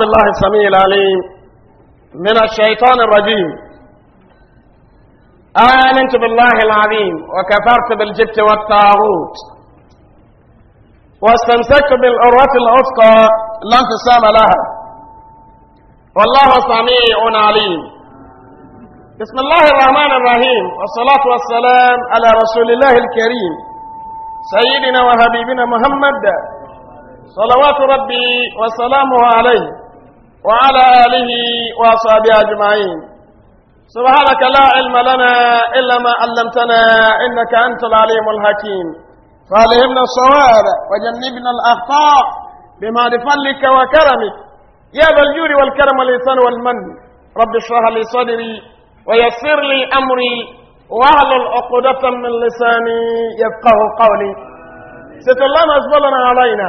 بسم الله السميع العليم من الشيطان الرجيم آمنت بالله العظيم وكفرت بالجبت والطاغوت واستمسكت بالعروة الأفقى لا انقسام لها والله سميع عليم بسم الله الرحمن الرحيم والصلاة والسلام على رسول الله الكريم سيدنا وحبيبنا محمد صلوات ربي وسلامه عليه وعلى آله وأصحابه أجمعين سبحانك لا علم لنا إلا ما علمتنا إنك أنت العليم الحكيم فألهمنا الصواب وجنبنا الأخطاء بما لفلك وكرمك يا ذا الجود والكرم والإحسان والمن رب اشرح لي صدري ويسر لي أمري واحلل العقدة من لساني يفقه قولي ست الله ما علينا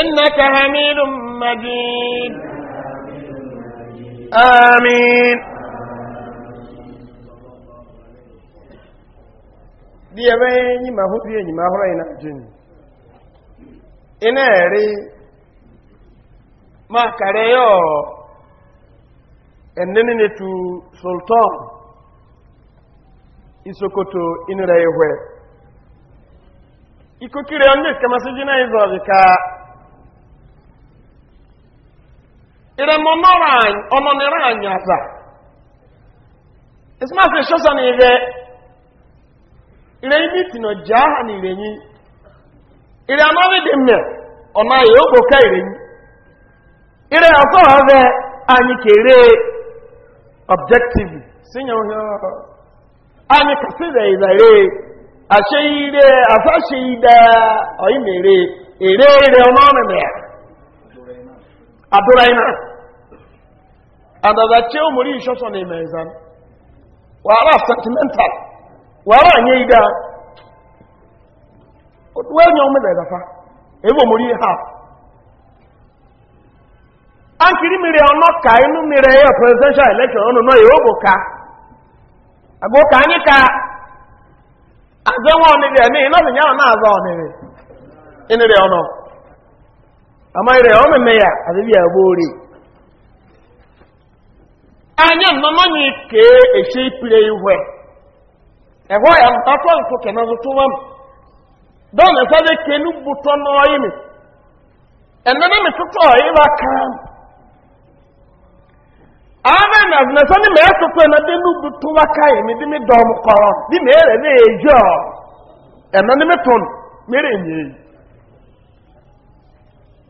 إنك حميد مجيد آمين bí ẹ̀rẹ́ yìí máa hó bí èyí máa hó ẹ̀yìn náà jìn iná ẹ̀rí máa kàrẹ yọ ẹ̀nẹ́ni ni tu sultan isokoto inú rẹ̀ ihwẹ́ ikókiri ọ̀nà ìkàmásí jìnà ìzọ̀ ọ̀dìká anyị ọmọ nìran anyị atọ. ìsìmáàsì ṣọ́sọ́ ní ilẹ̀ ìrẹ̀yìn bí tìnà na ní ìrẹ̀yìn ìrẹ̀ amárídì mẹ́ ọ̀nà ìyókò ká ìrẹ̀yìn ìrẹ̀ ọ̀tọ́ ọ̀rẹ́ anyìkèrè objective síyàn anyị kasịrị ịzare ashe ire asashe ide oyi mere ere ire ọnụ ọmịmị ya adúrà iná àdàdà tí ó mú rí ìṣọ́sọ̀ sentimental wàhálà àyẹ́ ìdá wẹ́n yọ mẹ́lẹ̀ ìdàfà èyí mú rí a Ankiri mmiri mìírẹ̀ ka ịnụ mmiri ya presidential election ọ̀nà náà yóò ka. ká ka ká ní ká àjẹ́wọ̀n nílẹ̀ ní iná ìyáwó amma ire o me meya abi ya bore anya mama ni ke e se pire ihwe e ho ya mpapo nko ke na zo to wam do me fa de ke nu buto no yi me enne na me tuto yi ba na na so ni me so pe na de nu buto wa kai me de me do mo koro di me re na ejo enne ni me ton mere ni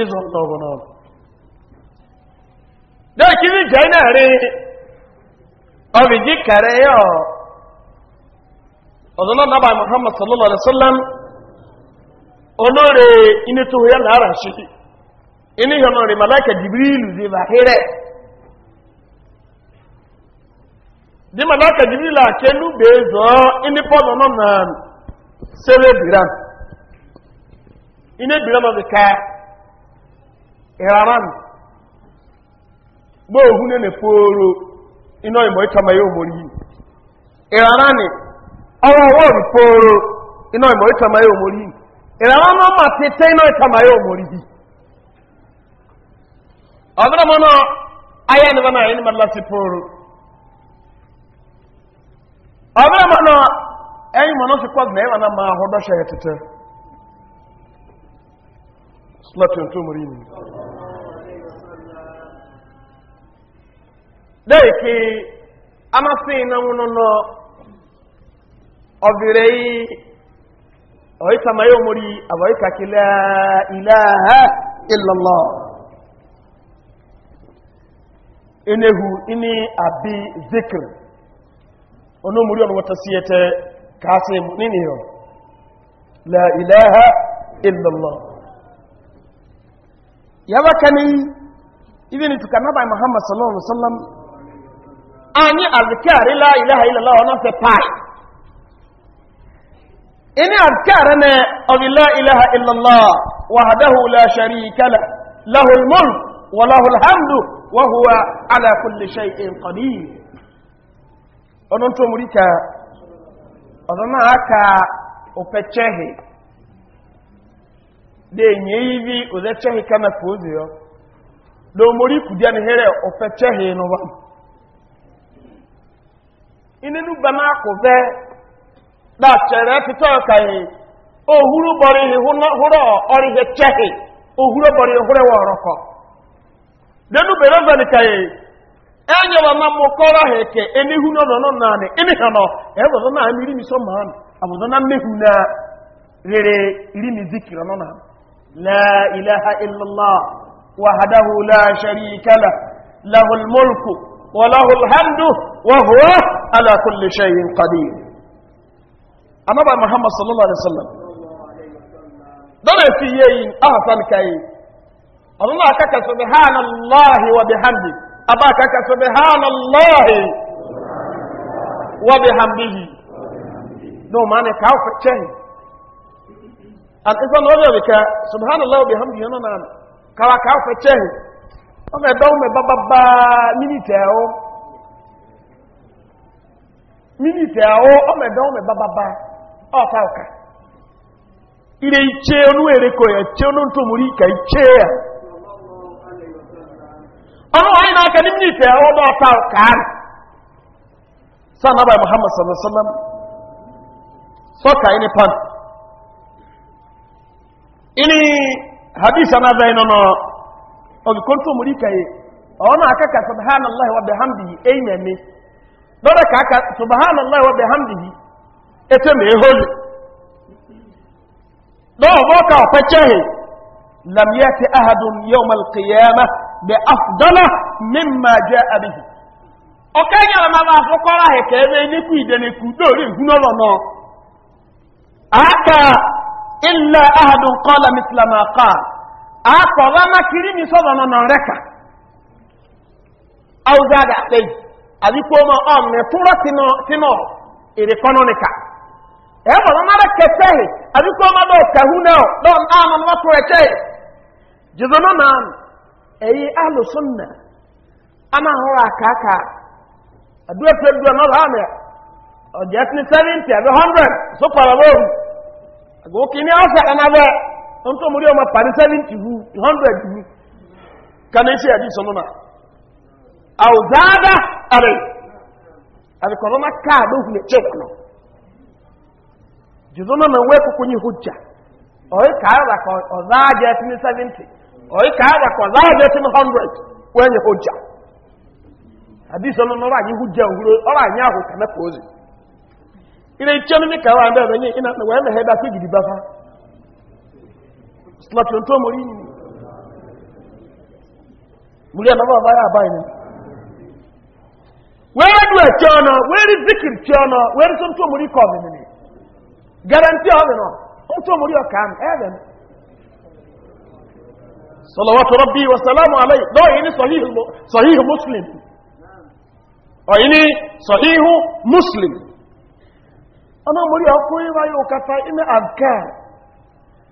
ịzụ ndụ ọgụ n'ọgụ dekiri jee na-eri ọbịji kere ya ọzọlọ naba muhammad sallallahu alaihi wasallam onore inetuhu ya lara shi ini ya nori malaika jibril bahire di ini Pọlọ nọ na sere biran ine biran ìrànán gbọ́ ohun ní fòòrò iná ìmọ̀ ìtọ́mọ̀ yóò mọ̀ yìí ìrànán ni ọwọ́ ọwọ́ rí fòòrò iná ìmọ̀ ìtọ́mọ̀ yóò mọ̀ yìí ìrànán náà mà ti tẹ́ iná ìtọ́mọ̀ yóò mọ̀ yìí ọ̀dọ́dọ́ ayé ẹni bọ́nà deke amasị na nwụnụnọ ọbịrị ọyịsa ma ya omori abọyịka kele ilaha illallah enehu ini abi zikr onu omori ọnụ wata siyete ka asị nini yo la ilaha illallah yaba kani ibi ni tukanaba muhammad sallallahu alaihi wasallam anyi azikari la ilaha illallah ona se pai ini azikari ne obi la ilaha illallah wahdahu la sharika la lahu almulk wa lahu alhamdu wa huwa ala kulli shay'in qadir onon to murika odona aka opechehe de nyeyivi ozechehe kama kuziyo do muriku dia ni here opechehe no ba inenu gbama akụve dachere pita ọkaghị ohuru bọrịhị hụrọ ọrịhe chehi ohuru bọrịhị hụrọ wa ọrọkọ denu bere veli kaghị enyewa na mmụkọrọ ha eke enihu nọ nọ naanị enihu nọ ewezọ na amiri miso وله الحمد وهو على كل شيء قدير أما بقى محمد صلى الله عليه وسلم دون في يين أحسن كي الله كك سبحان الله وبحمده أبا كك سبحان الله وبحمده نو معنى كاوك تشهي الإنسان وجه بك سبحان الله وبحمده أنا نعم كاوك تشهي ọmọ ẹ̀dọ́ ọmọ ẹ̀bá bá bá mínítẹ̀ ẹ̀họ́ mínítẹ̀ ẹ̀họ́ ọmọ ẹ̀dọ́ ọmọ bá bá ilé iche onú èrèkò ẹ̀ tí onú ìkà iche ẹ̀ ọmọ wọn náà kẹ́ ní mínítẹ̀ ẹ̀họ́ ọmọ ọ̀ta ọ̀ka rẹ̀ sáà muhammad sallallahu alaihi wa sallam ẹni pan ẹni hadith anabẹ́ ọ̀gìkọ́ntò mọ̀rí kàyé ọ̀nà akẹ́kà subhanallah wa bihamdihi ẹ̀yìn ẹ̀mí lọ́dọ̀ kàkà subhanallah wa bihamdihi ẹ̀tẹ́ mẹ́ hólì lọ́wọ́ ká ọ̀pẹ́ chẹ́hìn lamiyati ahadun yau malkiyama bẹ afdala mimma jẹ abihi ọkẹ́ yàrá máa bá fọ́kọ́rọ́ àhẹ̀kẹ́ ẹgbẹ́ níkú ìdẹnikú lórí ìhúnọ́lọ́ akọwa makiri mi sọ́bọ̀ nọ rẹ́ka auza da ɗai àdíkò ọmọ ọmọ ẹ̀túrọ̀ sínú ìrìkọ́nọ́nìkà ẹ̀bọ̀ lọ mara kẹsẹ̀ àdíkò ọmọ lọ kẹhù náà lọ àmà lọ tó ẹ̀kẹ́ jùzọ́nà náà ẹ̀yí alùsùnà a máa aka aka àdúrà tó dùn ọ̀nà láàmì ọ̀jẹ̀ sí 70 ẹ̀bẹ̀ 100 ọrụ lóòrù àgókì ní ọ̀sẹ̀ na bẹ́ẹ̀ ń tó múrí ọmọ pàdé 70 hu 100 hu kaníṣẹ́ ẹ̀dí sọmọ́nà àwùzáàdá àrẹ àríkọ̀rọ̀ máa káàdó hùn ẹ̀kẹ́ ọ̀nà jùzọ́nà na wẹ́ kúkú ní hujja ọ̀yí kàáràkọ̀ ọ̀záàjẹ́ tí ní 70 ọ̀yí kàáràkọ̀ ọ̀záàjẹ́ tí ní 100 wẹ́ ní hujja àdí sọmọ́nà ọ̀rọ̀ àyí hujja òhúrò ọ̀rọ̀ àyí àhùkà mẹ́kọ̀ọ́zì ilé iṣẹ́ ní kàwà slati onto muri ni na baba ya bai ni where do a chono where is zikir chono where is onto muri ko ni guarantee ho eh, no onto muri o kan even صلوات ربي وسلامه عليه لا يعني صحيح صحيح مسلم يعني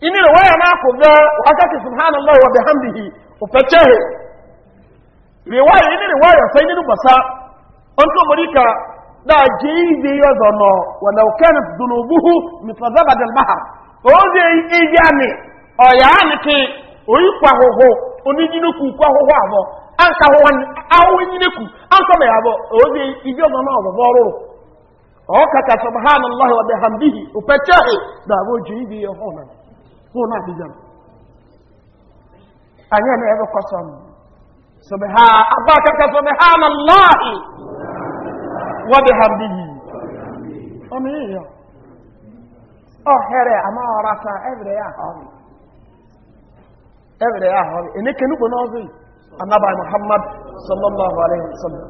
ini riwaya mako ga wakati subhanallahi wa bihamdihi ufachehe riwaya ini riwaya sai ni basa onto morika da jeize yozo no walau kanat dhunubuhu mitadhabad albahr oze ijani oyani ti oyikwa hoho onijinu ku kwa hoho abo anka ho wan awonyine ku anka me abo o fóònù àdìjọ anyị ẹ̀ ẹ̀rọ kọsọ m sọmi ha abá kẹkẹ sọmi ha nà ha bí yìí ọmọ yìí yọ ọ̀hẹ́rẹ̀ àmà ọ̀rọ̀ asa ẹ̀rẹ̀ muhammad sallallahu alayhi wa sallam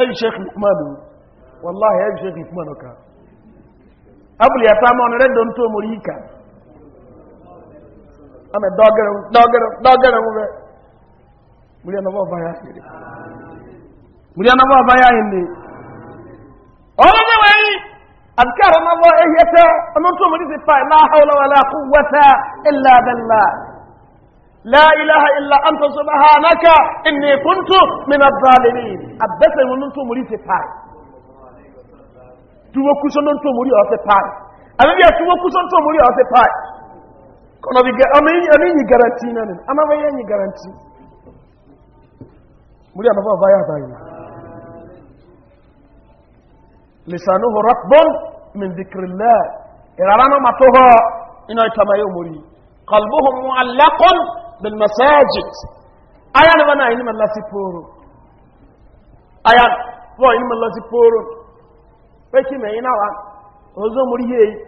ẹ̀yìn sheikh lukman wàllahi ẹ̀yìn sheikh lukman kan abúlé yàtọ̀ ama dɔgɛrɛ dɔgɛrɛ dɔgɛrɛ mu bɛ muliya nabɔ ba y'a yɛrɛ muliya nabɔ ba y'a yɛrɛ ɔlɔ ne wa yi azikara nabɔ ehiɛ tɛ ɔmɔ tó mɔdi ti pa yi la hawla wa la ko wata illa bala la ilaha illa an ta so baha naka inni kuntu min azalimi a bɛsɛ ŋun tó mɔdi ti pa yi tuwo kusɔn tó mɔdi ɔsi pa yi ale bi a tuwo tó mɔdi ɔsi pa kono bi amenyi garanti nane ama bayenyi garanti muri amava vaya bayi lisanuhu ratbun min dhikrillah irarano matoho ino itamayo muri qalbuhum muallaqun bil masajid aya ne bana ini mallasi poro aya wo ini mallasi poro peki me ina wa ozo muri yeyi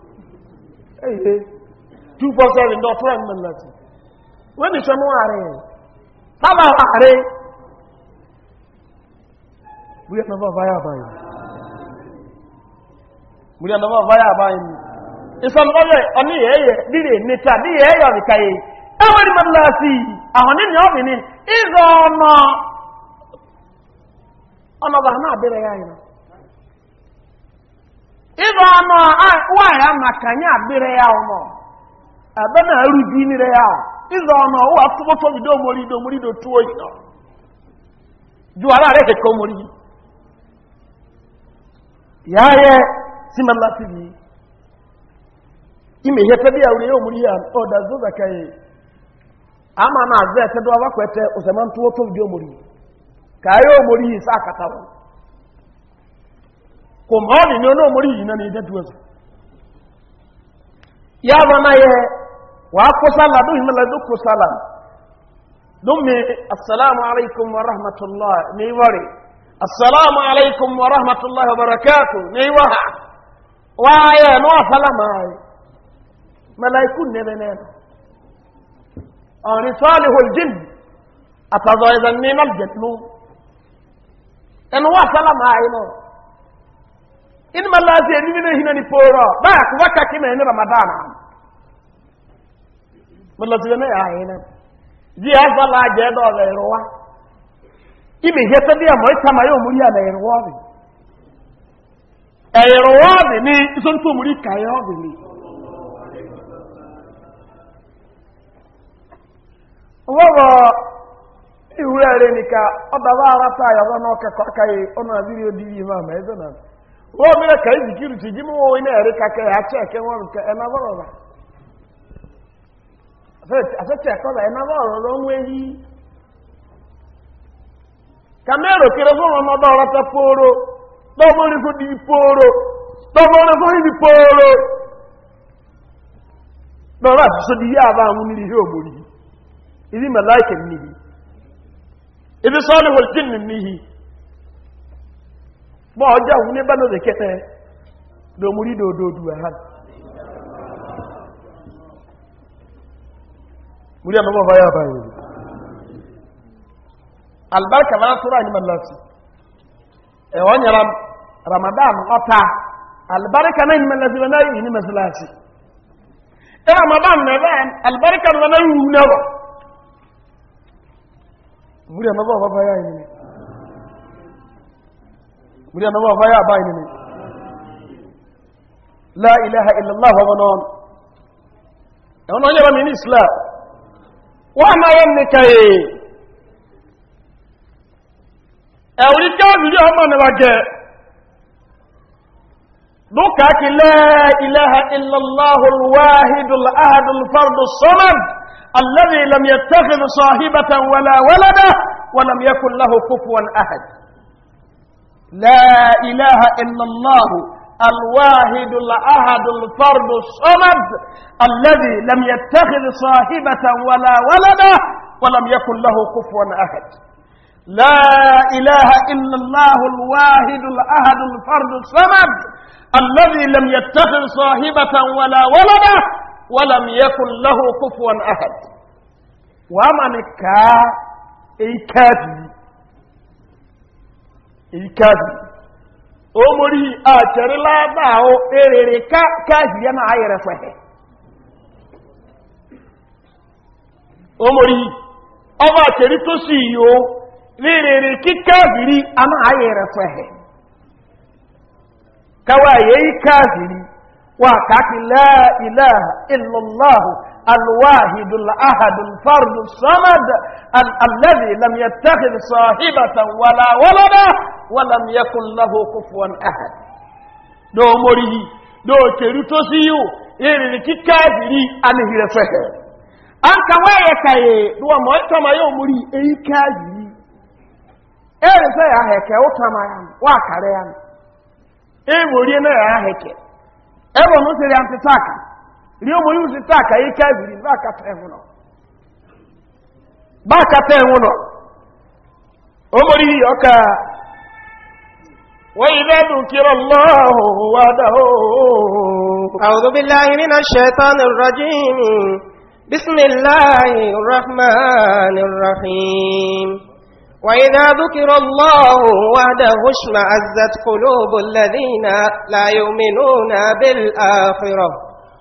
Hey, Two for seven, no friend, man, let's see. When is someone are Baba are We are never via by him. We are never via by him. It's an other, uh, on the air, did it, Nita, the air of the Kay. Every man, let's see. I want in your opinion. Is on. Another, not there, I eh, know. ịba ọnụ nwaanyị ama ka anyị abịrị ya ụmụ ebe na-erudi nire ya ịza ọnụ ụwa tụbọtọ bido omori do omori do tuo yi juwara ara keke omori ya yɛ simala ime ihe tɛbi awuri yɛ omori ya ɔ da zo zaka yi ama na omori ka omori kòmọ́ọ̀lì ni olóòmórí yìí náà ni ìdẹ́dùwẹ̀sù ya ba na yẹ wà kó sálà ló yìí mẹ́lẹ̀ ló kó sálà ló mi assalamu alaikum wa rahmatullah ní wari assalamu alaikum wa rahmatullah wa barakatu ní waha wà yẹ ní wà sálà máa yẹ mẹ́lẹ̀kú nẹ́bẹ̀ nẹ́nu ọ̀rin sọ́ọ̀lì holjin àtàzọ̀ ìzànnínà jẹ̀tún ẹnu wà sálà máa náà in malazi enini na hina ni poro ba na ni ramadana malazi na ya hina ji aza la je do ga irwa ibi dia mo ma muri na irwa bi irwa e bi ni izon to muri kayo bi ni wawa ni ka odawa ara ta ya zo no ka kai ono na video ma ma ezo wọ́n mìíràn ka jìkìrì tí jí mọ́ iná ẹ̀rí kakẹ́ àti ẹ̀kẹ́ wọn kẹ ẹ̀nà bọ́rọ̀ rà àfẹ́tì ẹ̀kọ́ rà ẹ̀nà bọ́rọ̀ rọ ń wéyí kàmẹ́rò kéré fún ọmọ ọdọ ọ̀rọ̀ tẹ pòórò tọ́mọ orí fún di pòórò tọ́mọ orí ba ọjọ́ òun ní bánà òdèkẹ́tẹ́ lòmúrí dòdòdò àhàn múrí àmọ́mọ́ fáyà báyìí albarka máa tóra ní mọ́láti ẹ̀wọ́n yẹ ramadan ọta albarka náà ní mọ́láti wọn náà yìí ní mọ́láti ẹ ramadan náà albarka wọn náà yìí náà múrí àmọ́mọ́ fáyà yìí muri na wa faya ba ni la ilaha illa allah wa non e won onye ba mi ni islam wa ma yan ni kai e ori ka bi yo ma na ba je do ka ki la ilaha illa allah al wahid al ahad al fard al samad الذي لم يتخذ صاحبة ولا ولده ولم يكن له كفوا أحد لا إله إلا الله الواحد الأحد الفرد الصمد الذي لم يتخذ صاحبة ولا ولدا ولم يكن له كفوا أحد لا إله إلا الله الواحد الأحد الفرد الصمد الذي لم يتخذ صاحبة ولا ولدا ولم يكن له كفوا أحد ومن كا إيكادي ìkàzì ó mórí àtẹ̀ríládà ó èrèrè káàkì yẹ́ máa ayẹ̀rẹ̀ fẹ̀ẹ̀ ó mórí ọba àtẹ̀rí tó sì rere lèrèrè kíkàzì rí a الواحد الأحد الفرد الصمد الذي لم يتخذ صاحبة ولا ولدا ولم يكن له كفوا أحد دو مريه دو تريتوسيو إيري كيكاجري أنه رفه أنك ويكاي دو مويتا ما موري مري إيري كاجري إيري سيا هكا وطما يام وكاريان إيري مرينا يا هكا إيري نسيري أنت ساكي ilé ọmọ yóò sì táàkà yí kẹ́bìrì báàkàtà ẹ̀hùn náà báàkàtà ẹ̀hùn náà ó mọ̀rí ọkà wọ́n ilé dùnkírọ̀ lọ́hùn wà dáhò àwùdóbíláyìn nínú ṣẹ̀tàn rajim bismillahi rahman rahim وإذا ذكر الله وحده اشمأزت قلوب الذين لا يؤمنون بالآخرة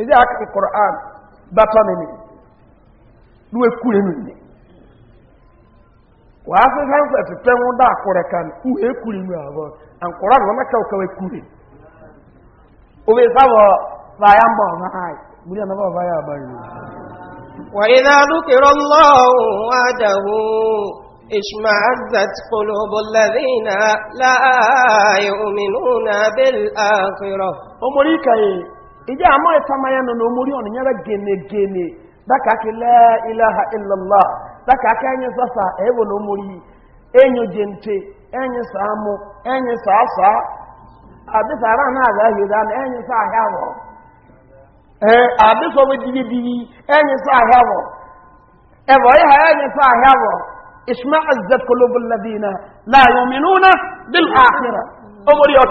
ìdí àkàkì kọ̀rọ̀án bá tọ́nà ní ló ekú rẹ̀ nìyí wà á fi láńfẹ̀ ti pẹ́ wọn dá àkọrẹ̀ kan kú ekú rẹ̀ nìyí àbọ̀ àǹkọ̀rọ̀ àwọn mẹ́ta òkè ekú rẹ̀ òwe sábọ̀ fàyà ń bọ̀ ọ̀nà àì múlẹ̀ náà bọ̀ fàyà àbá yìí. wà á iná dúkìrọ̀ lọ́wọ́ àdàwọ̀ اشمعزت قلوب الذين لا يؤمنون بالآخرة أمريكا ìjẹ́ ama ìtamayà nínú e, omori ọ̀nà yára gẹ̀nẹ̀gẹ̀nẹ̀ dákàkì láìláha ìlàlá dákàkì ẹ̀yẹ sàṣà ẹ̀wọ̀ ní omori ẹ̀yẹ jẹ̀ǹtẹ̀ ẹ̀yẹ sàámu ẹ̀yẹ sàásà àbísàrà náà àgbáyé dáná ẹ̀yẹ sàáhẹ́ àwọ̀ àbísọ̀wé dìbìdìbì ẹ̀yẹ sàáhẹ́ àwọ̀ ẹ̀wọ̀ ẹ̀yẹ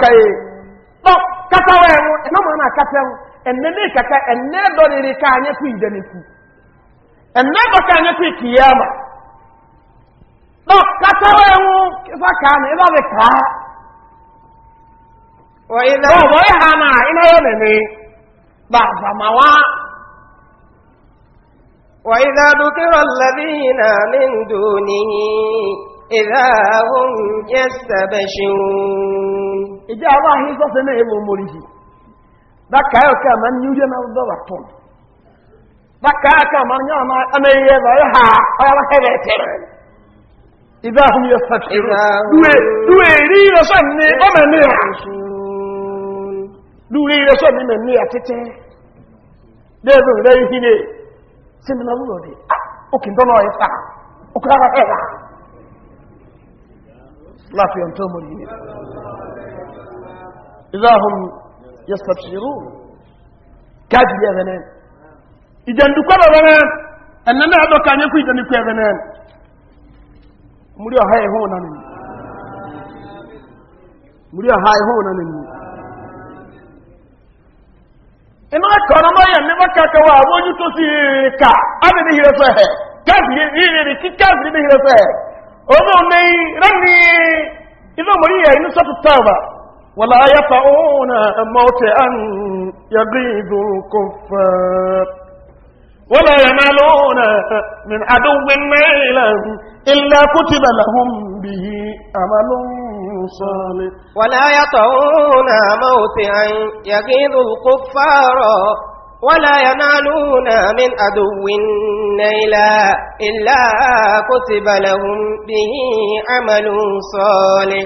ẹ̀yẹ ẹnẹmẹ kẹkẹ ẹnẹ dọrịrị ka anyị kụ ìdẹnikwu ẹnẹ bọka anyị kụ ìkìyàmà nọ katawa ẹnwụ kẹfà kaa na ịba bẹ kaa ọ ịdọ ọbọ ịha na ịna ya mẹmẹ ba zamawa وإذا ذكر الذين من دونه إذا هم يستبشرون إجا الله baka ka man nyuje na do baton ka man ya ha ya ba ka tere idha hum yastatirun duwe duwe ri ro san ni o ma ni duwe ri na يستبشرون كاد يا بنان إذا ندكوا بنان أننا أدوك أن يكون إذا ندكوا بنان مريو هاي هون أنا مريو هاي هون أنا inu akọrọ mọ wa àwọn ojú tó sì kà á lè ní hìrẹ sọ ẹ káàsì yìí rè kí ولا يطعون موت أن يغيظ الكفار ولا ينالون من عدو ميلا إلا كتب لهم به أمل صالح ولا يطعون موت أن يغيظ الكفار ولا ينالون من عدو نيلا إلا كتب لهم به عمل صالح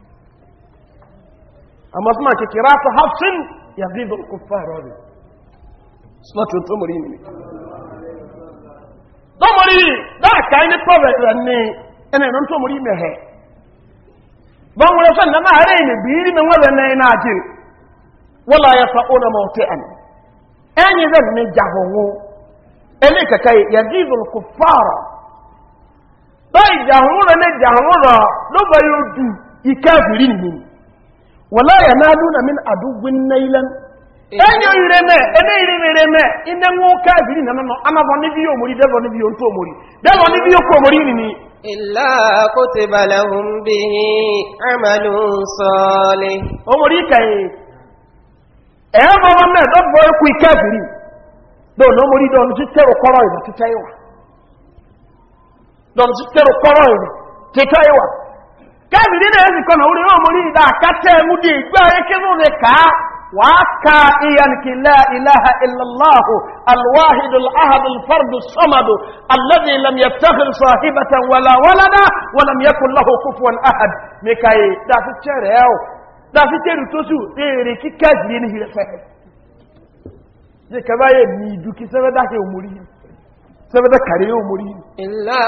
amma suna ke kira su hafsin ya zizo kuffar rabin suna cutar muri ne don muri prophet ranne ina yi to muri mehe ban wuri na na hare ne biri min na yana jin wala ya sa'o na mautu'an ɗanyi zan ne jahowo ɗanyi wala yanaluna min aduwwin nailan eh. enyo ireme ene ireme ine nwoke abiri na no amabo ni bi omori devo ni bi onto omori omori ni ni illa kutiba lahum bihi amalun salih omori kai e eh, mo mo me do bo ku omori kẹ́bìrì náà ẹ̀sìn kọ́nà orí náà mo rí ìdá àkátẹ́ ẹmúdí ìgbé ayé kí ló lè ká wà á ka ìyànkì láìláha iláha alwáhìdù al'ahàdù alfardu sọmadu alladhi lam yattakhil sahibatan wala walada wa lam yakun lahu kufuwan ahad me kai da fi cere yau da fi cere to su ere ki kajiri ni hirafe ne ka baye ni duki sabe da ke umuri sẹ́fẹ́dẹ́ kàrí yóò mórí ní. ìlà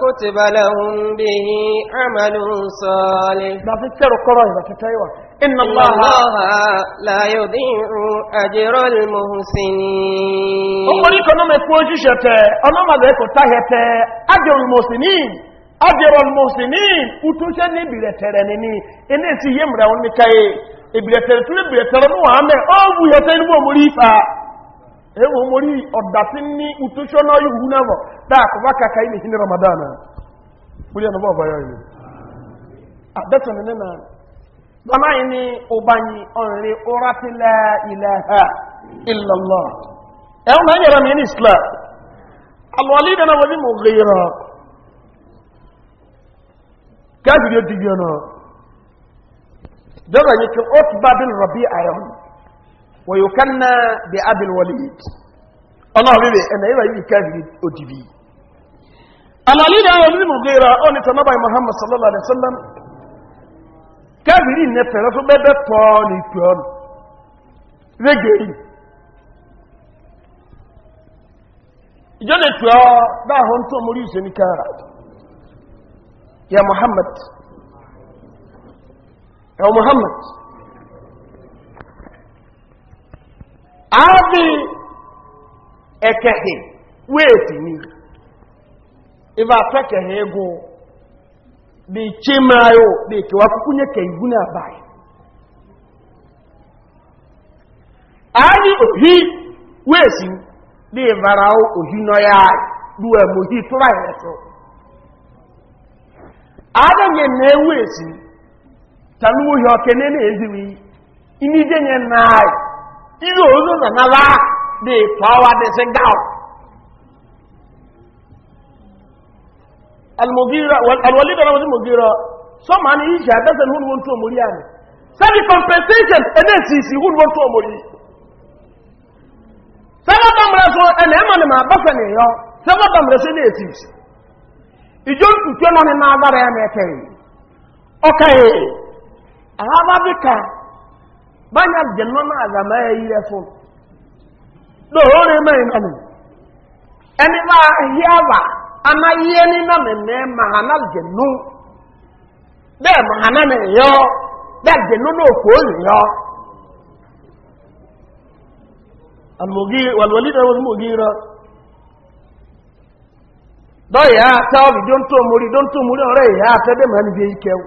kó ti balẹ̀ ohun bí i àmàlù sọ́ọ̀lẹ̀. láti tẹ́rù kọ́rọ̀ ìrọ̀tí tẹ́wà. iná lọ́wọ́ láyò bí irun àjẹrọ ìmọ̀hún sí ni. ó mórí kan náà mẹ́kún ojúṣe tẹ ọlọ́mọdé kò táyẹ tẹ àjẹrọ ní àjẹrọ tẹ̀rẹ̀ ní ní tí yé mìíràn ní káyé ìbìlẹ̀ tẹ̀rẹ̀ tún ìbìlẹ̀ tẹ̀rẹ̀ ní wàhámẹ́ ó wù yẹ Ewo mori ọdasi ni utusho na oyi nabọ taa kọba kaka ile hin ramadan na kuli ẹnu bọọba yọ ile adẹtọ nínú na gbọmọ yìí ni ọbanyi ọrẹ ọratila ilaha illallah ọ na yẹra mi ní islam alwali dana wọlé mo kí ti bi ويكنى بأبي الوليد الله بيبي أنا إيه يبي كافر أدبي أنا لين أول المغيرة أولي تنبع محمد صلى الله عليه وسلم كافرين نفر فبدا طاني كون رجعي جنة توا دا هنتو مريس نكارا يا محمد يا محمد adị ekeghị weti ni ịba apekeghị ịgụ dị iche chimayo dị kewa kwụkwụnye ka igbu na-abaghị anyị ohi wesi dị ịvara ohi nọ ya ruo ohi tụrụ anyị etu adịghị na-ewesi tanuwo ihe ọkene na-eziwi inidenye nye anyị ilo onu na na la de fawa de se gaw almugira alwalid na wani mugira so ma ni isha da san hun wonto muri compensation ene sisi hun wonto muri sama ba mra so ene ma ni ma ba sa ni yo sama ba mra so ni esisi ijo ntutu no ni na agara ya na ekere okay ahaba bika báyà jẹ̀nà máa àgbàmà ẹ̀yí rẹ̀ fún lóòrè mẹ́rin náà ẹni bá yí àwà amáyé nínà mẹ́mẹ́ mahana jẹ̀nà bẹ́ẹ̀ mahana na yọ bẹ́ẹ̀ jẹ̀nà náà kò lè yọ wàlúwàlí náà wọ́n mú gíra ya tẹ́ ọ́ don dóńtó mórí dóńtó ya ọ̀rẹ́ ya àtẹ́dẹ́mọ̀ ẹni bí i kẹwọ́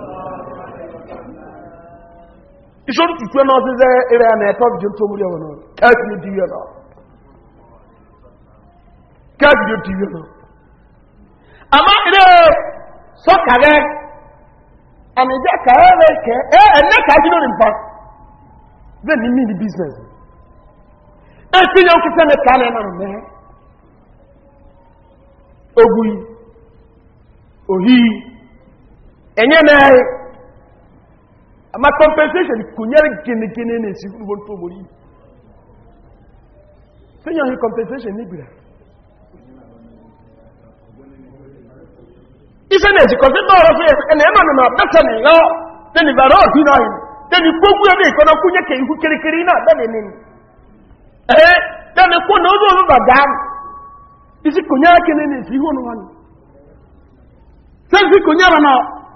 ìṣòro tuntun ẹ̀ náà ṣe ṣe eré ẹ̀ náà ẹ̀tọ́ ìjọ tó múlẹ̀ wọn náà kẹ́ẹ̀kì ló dìbò náà kẹ́ẹ̀kì ló dìbò náà. àmọ́ eré sọ́kàlẹ̀ àmìjẹ́ kàrẹ́rẹ́ kẹ́ ẹ ẹ̀nẹ́ kàájú lórí nǹkan bẹ́ẹ̀ ni mí ni business ẹ ti yàn kíkẹ́ ní kàlẹ́ náà mẹ́ ogun yìí òhì ẹ̀yẹ́ mẹ́rin ama compensation kò nyɛ genegene na esi funu wɔn tó wɔn yi compensation ni bira ife na esi kɔfi bá ɔrɔ so yɛ ɛna ɛma nana abɛsɛ ne yɔ tɛni bá ɔrɔ bi n'ayi tɛni kpoku yɛ bi kɔnɔ kó nyɛ kɛyiku kirikiri na bɛ ne nin ɛɛ tɛni kó isi kò nyɛ kene na esi funu wɔn sɛnsi kò nyɛ wɔn na.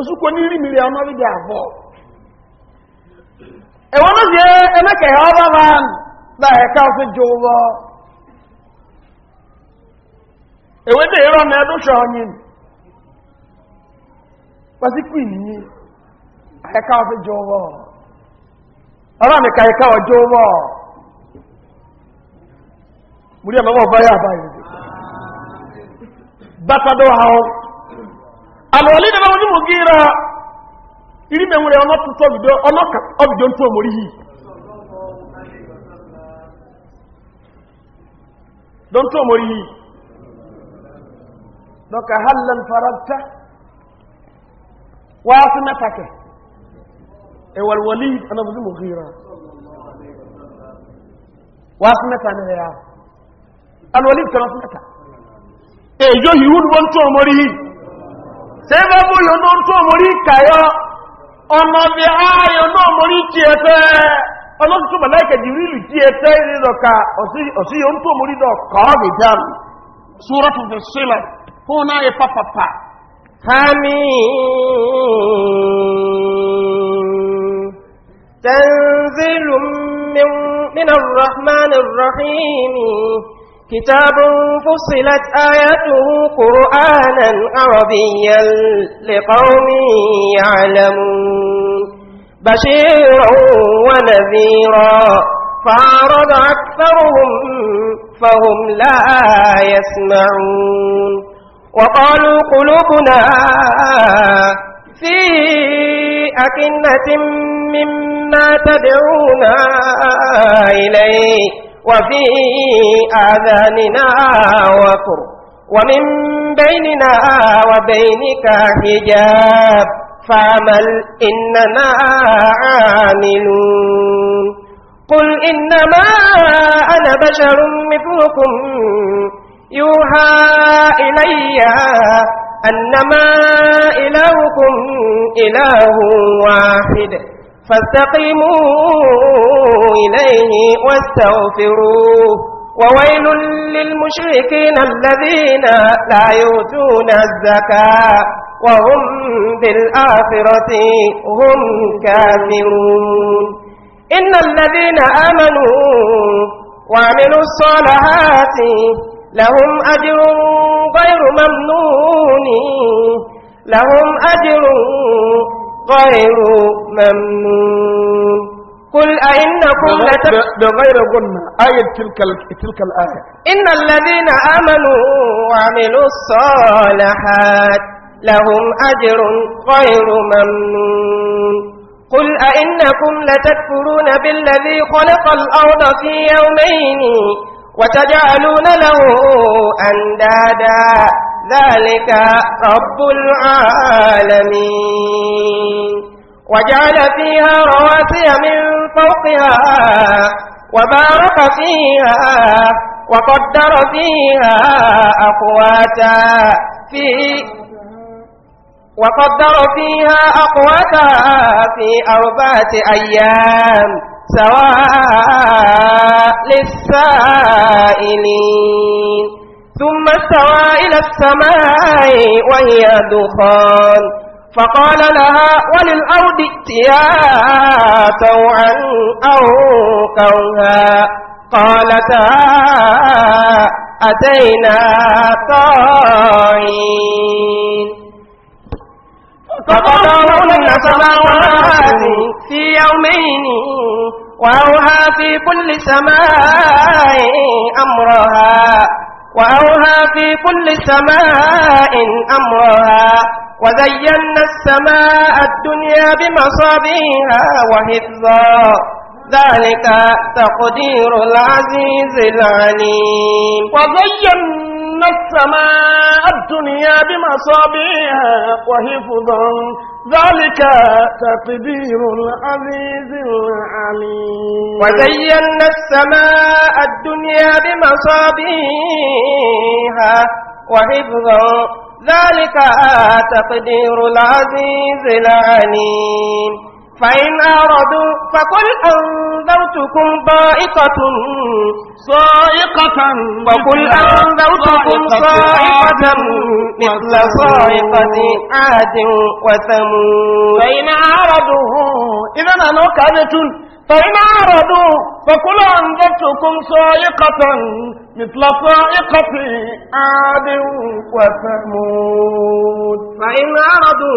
osukwo n'iri mmiri ọnọdụ dị abụọ eme e, e ka ya ọba ba na eke ofe ji ụlọ ewede ịrọ na edocha onye kwasi kwin yi eka ofe ji ụlọ ọba meka eka ọjọ ụlọ muri ọlọwọ ọba ya aba yi bàtàdọ ahụ alwalid na wani mugira iri me nwere ono tuto bido ono ka obido ntu omori hi don tu omori hi doka hallan faragta wa fi mataka e wal walid ana wani mugira wa fi mataka ne ya alwalid kana fi mataka e yo hiwun won tu omori sẹ́fẹ́ bóyọ ní tó mórí kàyọ ọmọ bí ààyọ náà mórí tí ẹ fẹ́ mọ̀láìkẹ̀ jìrìlù tí ẹ fẹ́ ìrìnlọ́ka ọ̀sí yóò tó mórí dọ̀ kọ́ọ̀bì jàm sóra tó sílẹ̀ fún náà yẹ pàpàpà rahimi كتاب فصلت آياته قرآنا عربيا لقوم يعلمون بشيرا ونذيرا فأعرض أكثرهم فهم لا يسمعون وقالوا قلوبنا في أكنة مما تدعونا إليه وفي آذاننا وقر ومن بيننا وبينك حجاب فعمل إننا عاملون قل إنما أنا بشر مثلكم يوحى إلي أنما إلهكم إله واحد فاستقيموا إليه واستغفروه وويل للمشركين الذين لا يؤتون الزكاة وهم بالآخرة هم كافرون إن الذين آمنوا وعملوا الصالحات لهم أجر غير ممنون لهم أجر غير ممنون قل أئنكم بغير غنى آية تلك تلك الآية إن الذين آمنوا وعملوا الصالحات لهم أجر غير ممنون قل أئنكم لتكفرون بالذي خلق الأرض في يومين وتجعلون له أندادا ذلك رب العالمين وجعل فيها رواسي من فوقها وبارك فيها وقدر فيها أقواتا في وقدر فيها أقواتا في أربعة أيام سواء للسائلين ثم استوى إلى السماء وهي دخان فقال لها وللأرض ائتيا توعا أو كرها قالتا أتينا طائعين فقضاهن سماوات في يومين وأوهى في كل سماء أمرها وأوهى في كل سماء أمرها وزينا السماء الدنيا بمصابيها وهفظا ذلك تقدير العزيز العليم وزينا السماء الدنيا بمصابيها وحفظا ذلك تقدير العزيز العليم وزينا السماء الدنيا بمصابيها وحفظا ذلك تقدير العزيز العليم فإن أرادوا فقل أنذرتكم ضائقة صائقة وقل أنذرتكم صائقة مثل صائقة عاد وثمود فإن أرادوا إذا أنا كذبت فإن أرادوا فقل أنذرتكم صائقة مثل صائقة عاد وثمود فإن أرادوا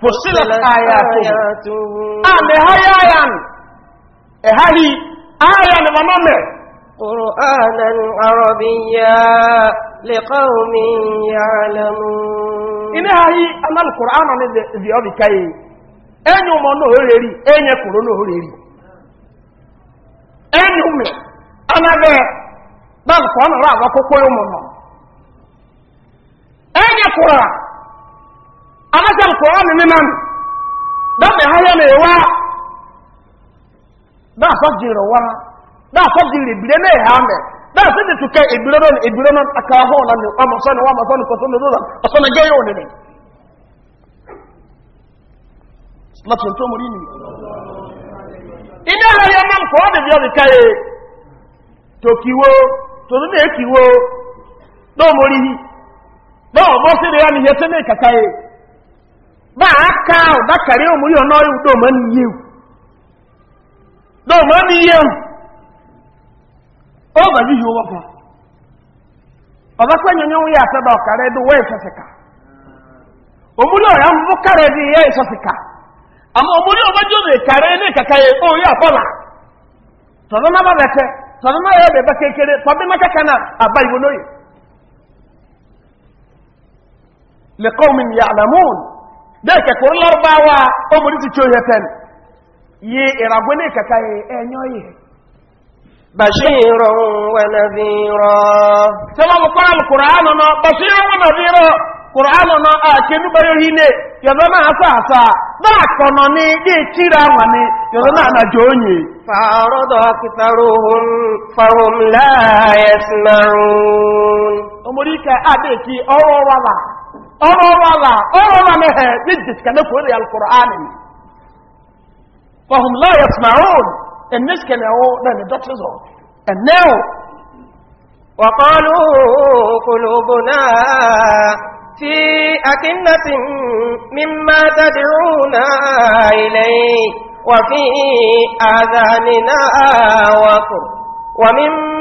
fusilat ayatuhu ame ah, hayayan ehahi ayan mamame qur'anan arabiyya liqaumin ya'lamun ina hahi anal qur'ana ne zi obi kai enyo mo no horeri enye kuro no horeri enyo me anabe bal ko na ra ko koyo mo no enye qur'ana amasa alquran ni nan da ha hawo ne ewa da fajiro wa da fajiro ebire ne ha me da se de tuka na non na non aka ho na ni ama so ne wa ma ne ko ne do na so ne ge yo ya de bi to kiwo ne na de ya ne ba aka ahụ dakara ya omori ọnọ ya udo mani yewu do mani yewu o ba bihi owo fa ọba kwa nyonyo wo ya sada ọkara do we sosika omori ọ ya mbu kare di ya sosika ama omori ọba jo de kare ne kaka ye o ya fola tọdọ na ba bẹtẹ tọdọ na ya bẹ bẹ kekere tọdọ na kaka na aba iwo noye لقوم يعلمون bẹ́ẹ̀ kẹ̀kọ́ lọ́rọ̀báwà ọmọdé ti tí ó yẹ tẹ́lẹ̀ ní kẹ̀kẹ́ ẹ̀yọ́ yìí bàṣírò wẹ̀nàbírò tí wọ́n náà bàṣírò wẹ̀nàbírò náà na ẹnubẹ̀rẹ̀ orí ilé yọ̀dọ̀ náà sáàsá náà kọ̀nà ní dí tíra wà ní yọ̀dọ̀ náà nà jọ òyìn fàárọ̀dọ̀ kìtàrùhùn أرولا أرولا مه جدت كان فور القرآن فهم لا يسمعون الناس كانوا لن يدتزون النو وقالوا قلوبنا في أكنة مما تدعونا إليه وفي آذاننا وقر ومن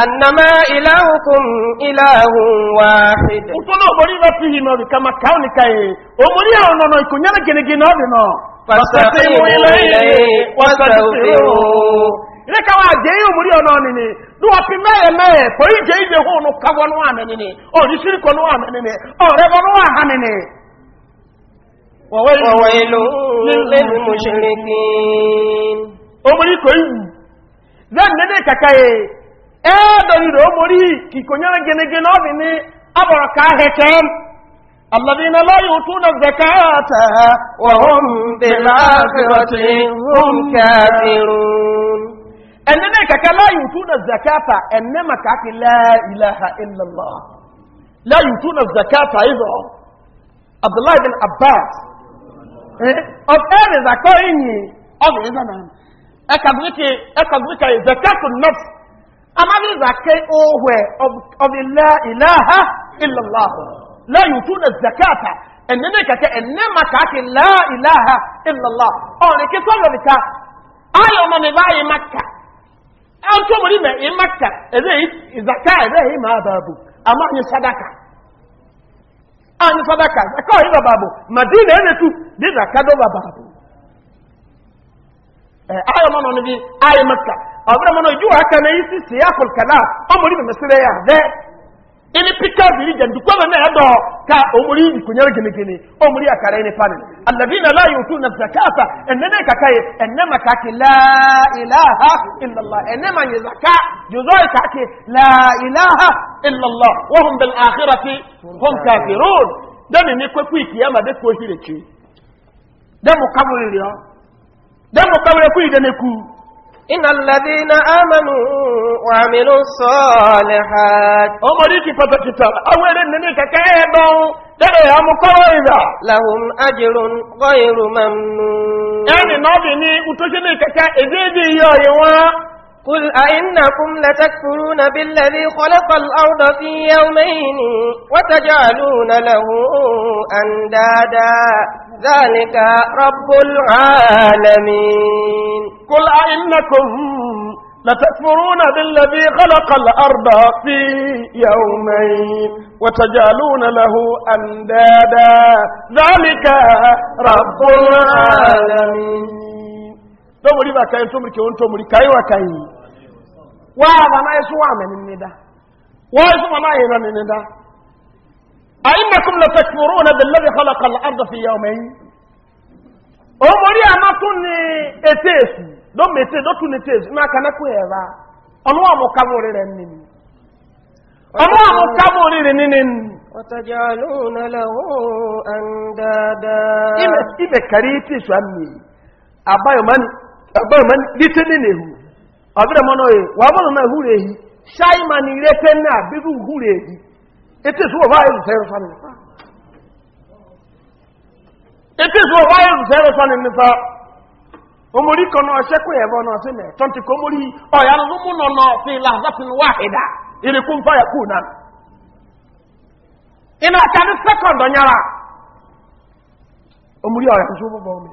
annama ilahukum ilahun wahid nkono omori ba fihi no bi kama kaw ni kai omori ya ono no ikunyana genege no bi no fasatimu ilayhi wastaghfiru ile kawa jeyi omori ono ni ni do api meye meye ko yi jeyi de ho no kawo no amene ni o ri siri ko no amene ni o re bo no aha ni وويل للمشركين أمري كوي Zan ندي كاكاي ẹ̀ẹ́dọ̀rìrì e, ó borí kìkòyàn gẹ́gẹ́ náà bí ní abọ̀rọ̀ká hẹ̀kẹ́ الذين لا يؤتون الزكاة وهم بالآخرة هم كافرون أنك كك لا يؤتون الزكاة إنما كك لا إله إلا الله لا يؤتون الزكاة أيضا عبد الله بن عباس of every zakah in you of إذا أكذبك أكذبك زكاة النفس amadi zake ohwe of la ilaha illallah la yutuna zakata enene kake enema ilaha illallah ọ̀rìn kí sọ́lọ̀ maka sadaka sadaka ẹ̀kọ́ yìí bàbù màdínà ẹ̀rẹ́ tu bí zaka dọ́ ẹ̀ ayọ̀ ọmọ bí maka ọ̀bẹ̀rẹ̀ mọ́nà ojú aka na isi si ya kò kàdá ọmọdé bẹ̀rẹ̀ sí ya dẹ́ ẹni píkà bìrì jẹ̀ ndùkọ́ bẹ̀rẹ̀ náà dọ̀ ká ọmọdé ìkùnyẹ́ gẹ̀mẹ̀gẹ̀mẹ̀ ọmọdé àkàrà ẹni pani alàbí na láyé òtún na zakata ẹnẹ́ náà kàkà yẹ ẹnẹ́ ma kàkì láìláha ìlàlá ẹnẹ́ ma yẹ zaka jùzọ́ yẹ kàkì láìláha ìlàlá wọ́n hùn bẹ̀rẹ̀ àkírà ti hùn kàkì rún dẹ́mi ní kwekú ìkìyàmà dẹ́ kó hìrẹ̀ kì dẹ́mu kábùrì rẹ̀ dẹ́mu kábùrì kú ìdẹ́nẹ́kú na-alabi ha. ọ ịnalịladina amanwaịnụsọlehaọbchiọtọchiọ ọwere kka ya eụ tare a ọmụkọọ lahụagọị roma adị na ọbin ụtọchi nakaka i gaejihi ya ọyiwa قل أئنكم لتكفرون بالذي خلق الأرض في يومين وتجعلون له أندادا ذلك رب العالمين قل أئنكم لتكفرون بالذي خلق الأرض في يومين وتجعلون له أندادا ذلك رب العالمين don muri ba kayan tumurke wani tumuri kayi wa kayi wa ba na yi suwa mai nini da wa yi suwa ma yi na nini da a inda kuma la takfuru na billahi khalaqa al-ard fi yawmayn o muri ama tun ni etesu don me te do tun etesu ma kana ku era onu amu kabore re nini onu amu kabore re nini وتجعلون له أندادا إبكريتي سأمي أبا يمن ẹgbẹ́ mọ́ lítí nínú ehu ọ̀bẹ̀rẹ̀ mọ́ náà wà bọ́nà náà húrẹ̀ èyí ṣáìmà ní rẹ́tẹ́ náà bíbú húrẹ̀ èyí ètí ìṣòwò wáyé ìrùfẹ́rù sọ́nà nípa ètí ìṣòwò wáyé ìrùfẹ́rù sọ́nà nípa omori kan náà ṣẹ́kù ẹ̀bọ náà sí mẹ́ tọ́ntì kò mórí ọ̀yà ló náà fi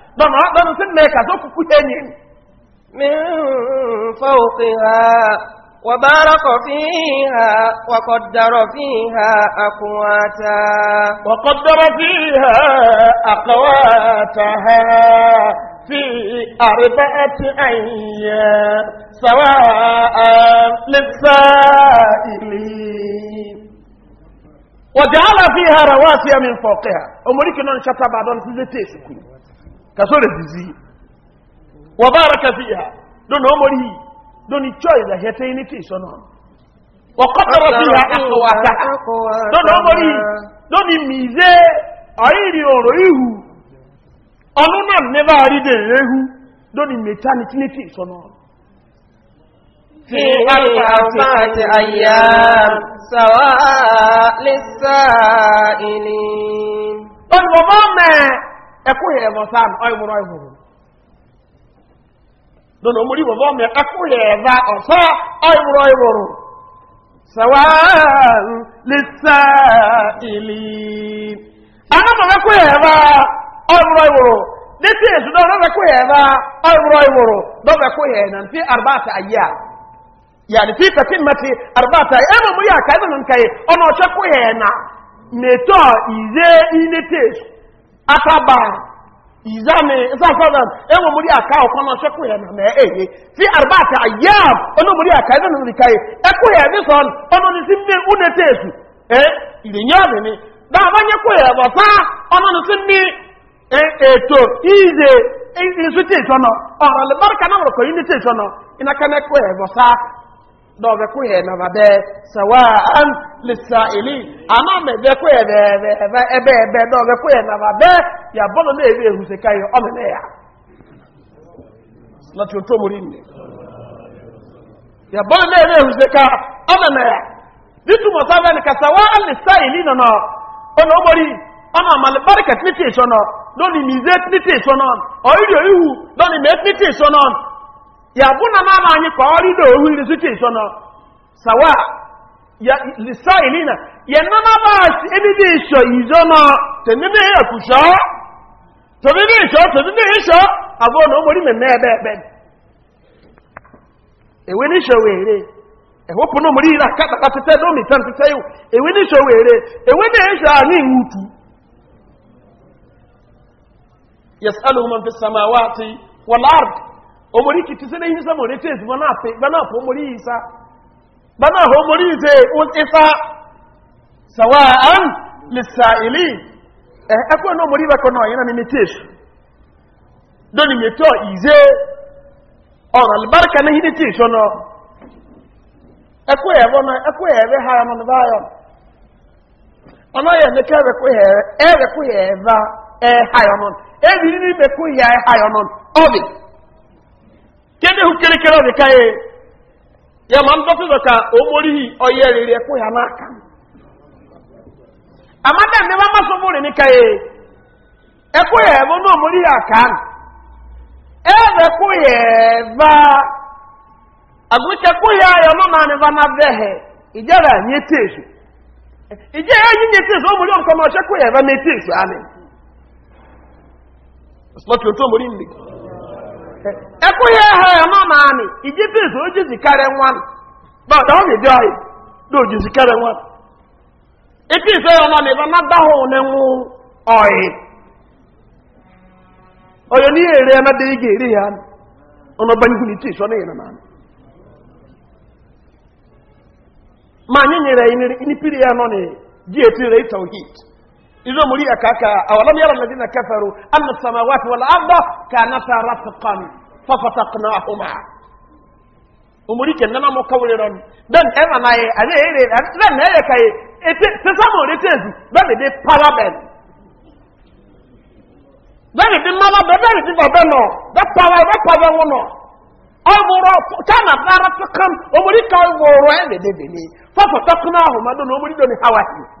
donathan mechara don kwukwu enyi mi n fọ oke ha wọ baa rakọfin ha kwakọdarọfin ha akwụwa taa wakọdarọfin ha akọwata ha fi aribe eti anyị yẹ sawa a leeksa ile wọ dị ala vihara wọ siye mi n fọ oke ha o morikina n shata kasore zizi wa fiha don omori don choice ahete ni ti so non fiha aqwata don omori don mize ayiri oro ihu onu na never ehu don metanity ni ti so في أربعة أيام سواء للسائلين. طيب وماما ɛkoyɛ ɛvɔsa no ɔyɛ wɔn ɔyɛ wɔn dɔnni omori wɔ fɔm yɛ ɛkoyɛ ɛva ɔsɔ ɔyɛ wɔn ɔyɛ wɔn sawaan lisaili anamɔ ɛkoyɛ ɛva ɔyɛ wɔn ɔyɛ wɔn leti esu dɔn dɔn ɛkoyɛ ɛva ɔyɛ ɔyɛ ɛkoyɛ arbaata ayia akaba ìzámi ìsáfọ́nà aka múrí àká ọ̀kan náà ṣẹ́kù ẹ̀ nàmẹ́ èyí tí àrbáta àyàm onúmúrí àká ẹ̀dọ́nà múrí káyé ẹkù ẹ̀ n'isi sọ́n ọmọ ní sí ní únẹ̀ tẹ́ẹ̀sù ẹ ìrìnyàn ní dáàbá nyẹ́kù ẹ̀ bọ̀sá ọmọ ní sí n'isi ètò ìzè ìsú tẹ́ẹ̀sọ́nà ọ̀rọ̀ lẹ́bárkà náà rọ̀kọ̀ yìí ní tẹ́ẹ̀sọ́nà ìnàkánẹ́kù ẹ̀ bọ̀sá dɔbɛ ko yɛ bɛ sawa an lisa ili ama mɛ bɛ ko yɛ bɛ bɛ ɛbɛ bɛ ko ya bɔlɔ ne ebi ehuse ka yi ɔmɛ ya lati o tomori ne ya bɔlɔ ne ka ɔmɛ ne ya mɔta bɛ ka sawa an lisa nɔnɔ ɔnɔ ɔnɔ barika sɔnɔ lɔni mize sɔnɔ ɔyiri oyiwu lɔni mɛ yàbụ na mama anyị ka ọ rịdo ohu irizuta iso nọ sawa ya lisa ilina ya na mama ebide iso izo nọ tenebe ya kusho tobebe iso tobebe iso abụọ na omori mmemme ebe ebe ewe n'iso were ewepụ na omori iri aka kpakpatete na omi tantete iwu ewe n'iso were ewe na anyị anyị nwutu يسأله من في السماوات والأرض omori kiti na ihe sama onete ezigbo na-apụ gba na-apụ omori isa gba na-ahụ omori ise isa sawa an lisa ili eh, ekwe na omori bako na ọyịna n'ime tesu doni meto ize ọrụ albarka na ihe tesu nọ ekwe ebe na ekwe ebe ha ya mana bayo ọnọ ya emeka ebekwe ya ebekwe ya ebe ha ya nọ ebe ihe n'ime kwe ya ha ya nọ ọbịa shehu kerekere ọ dị ka ya ma ndọtụ ka ogborihi ọya riri ekwe ya n'aka amada ndị ba mmasị ụmụ rịrị ka ya ekwe ya ebe na omori ya aka ebe ekwe ya ebe agụcha ekwe ya ya na behe nye tezu ije ya nye tezu omori ya ebe na tezu anyị Slot ekwughị ehe ya nọ na anị iji biz ojizikarị nwa but ọ na-ebi ọyị na ojizikarị nwa ike ife ya nọ na ebe na dahụ n'enwu ọyị onye n'ihe ere ya na dị ga eri ya ọnụ na ite ife ọ na-enyere na anị ma anyị nyere ya n'ipiri ya nọ na ji etiri ịtọ hit izo muri ya kaka awalam yara alladhina kafaru anna samawati wal arda kanata ratqan fa fataqnahuma umuri ken nana mo kawle ron dan e ma nae ale ere dan ne ye kai e te se sa mo re te su dan de paraben dan de mama be dan de baba no da power da power wono awuro kana ratqan umuri ka woro e de de ni fa fataqnahuma don umuri don hawahi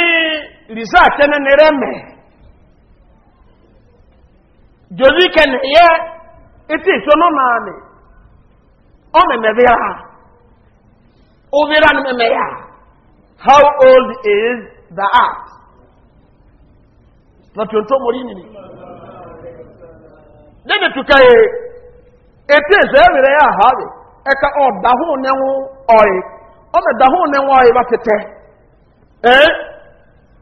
research na nere me jozi ken ye iti so no na ni bia o bia na ya how old is the earth na tonto mori ni ni dede tukaye eti so e bere ya ha be e ka o oh, da hu ne hu oyi o da hu ne hu oyi ba tete eh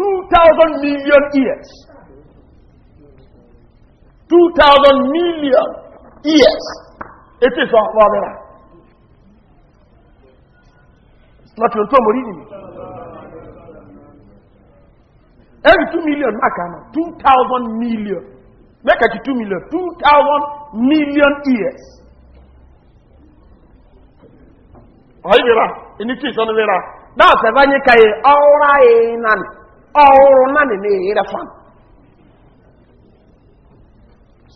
2,000 million years. 2,000 million years. It is our father. not your mọ̀rí nìí. Every 2 million not na 2,000 million. Make it 2 million. 2,000 million years. Ọ̀yí bèèrà, ìní kí ìsọ́nà bèèrà. Dáà sẹ̀fà ní kàyè ọ̀rá ìnáni. ọ̀rọ̀ náà na ní èyí rẹ̀fà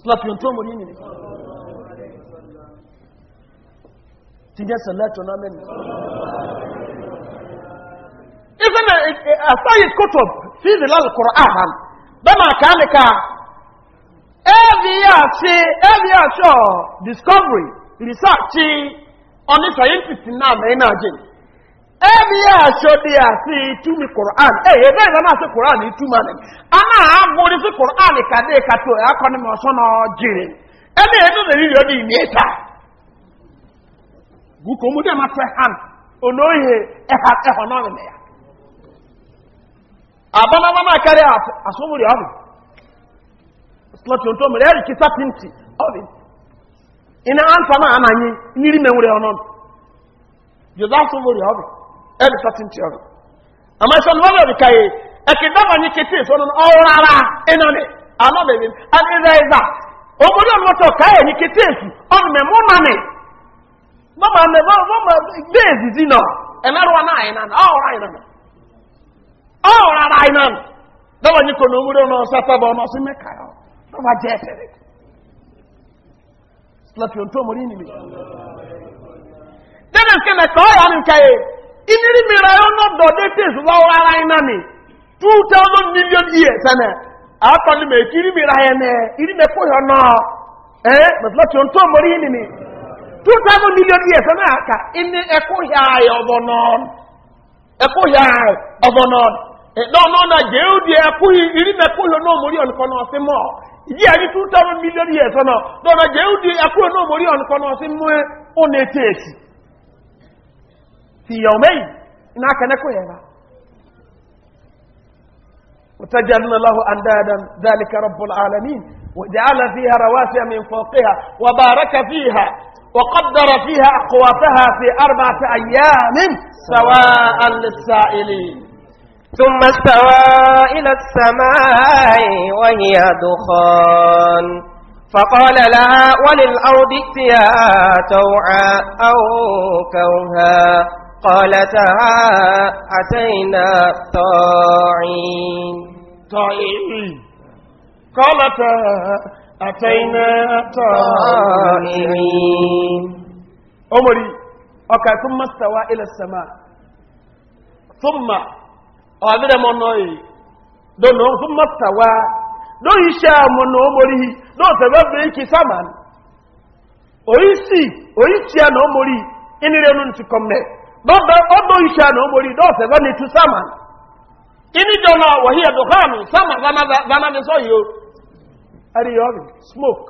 slapion tó mọ̀rí nìrí tí jẹ́ sẹ̀lẹ́tọ̀ náà mẹ́rin ìfẹ́nà àfáyí kòtò fíìdì discovery research ọ̀ní scientist náà mẹ́rin náà ẹ̀mí àṣọdí ni a máa agbórí sí kùrán kàdé kàtó akọ́nimọ̀ sọ́nà jìrì ẹni ẹ̀dọ́ lè rí yọdí ìní ìta gùkọ̀ mú dẹ́mà tẹ́ hàn onóyè ẹ̀hà ẹ̀họ̀ náà nìyà àbámáwá máa kárí àsomúrì ọ̀hún slọtì ọ̀tọ́ mẹ́rẹ̀ ẹ̀rì kìsà pìntì ọ̀hún ìní àǹfà náà àmà yín nírí mẹ́wúrẹ́ ọ̀nà yóò every certain theory. Amasa Lwana Rikaye, Akidaba Nikiti, so on Aurara, Enone, Anonim, and Israel. Omodo oh, Moto Kaye Nikiti, on oh, Memonane. Mama, Mama, this is Zino, and Arwana, and Aurana. Aurana, and Dọ́wọ́ ní kò náà sáfàbọ̀ ọmọ sí iniri mìíràn yóò náà dọ̀dé tèsù bá wọ́n ara iná ni two thousand million years ẹnẹ àtọ́ni mẹ́ kí iniri mìíràn yẹn nẹ iniri mẹ́ kóyọ̀ náà ẹ mẹ́tìlá tí o ń tó mọ́rí yìí nìyí two thousand million years ẹnẹ àkà ẹni ẹkọ yà náà ẹkọ yà náà ẹdọ́n náà na jẹ́ ó di two thousand million years ẹnẹ dọ́nà في يومين هناك نكوي يعني. هنا وتجعلنا له أندادا ذلك رب العالمين وجعل فيها رواسي من فوقها وبارك فيها وقدر فيها أقواتها في أربعة أيام سواء للسائلين ثم استوى إلى السماء وهي دخان فقال لها وللأرض اتيا توعا أو كوها Kọlata أتينا طاعين طاعين قالتا أتينا طاعين أمري أكا ثم استوى إلى السماء ثم ثم استوى omori inire bọ́bẹ̀ ọdún iṣẹ́ àná omori dọ́ọ̀fẹ́ gọ́ ni tu sáàmà iníjọ náà wọ̀hí ẹ̀dùnkánù sáàmà zanami sọ yìí o ẹ̀rí yọrí smoke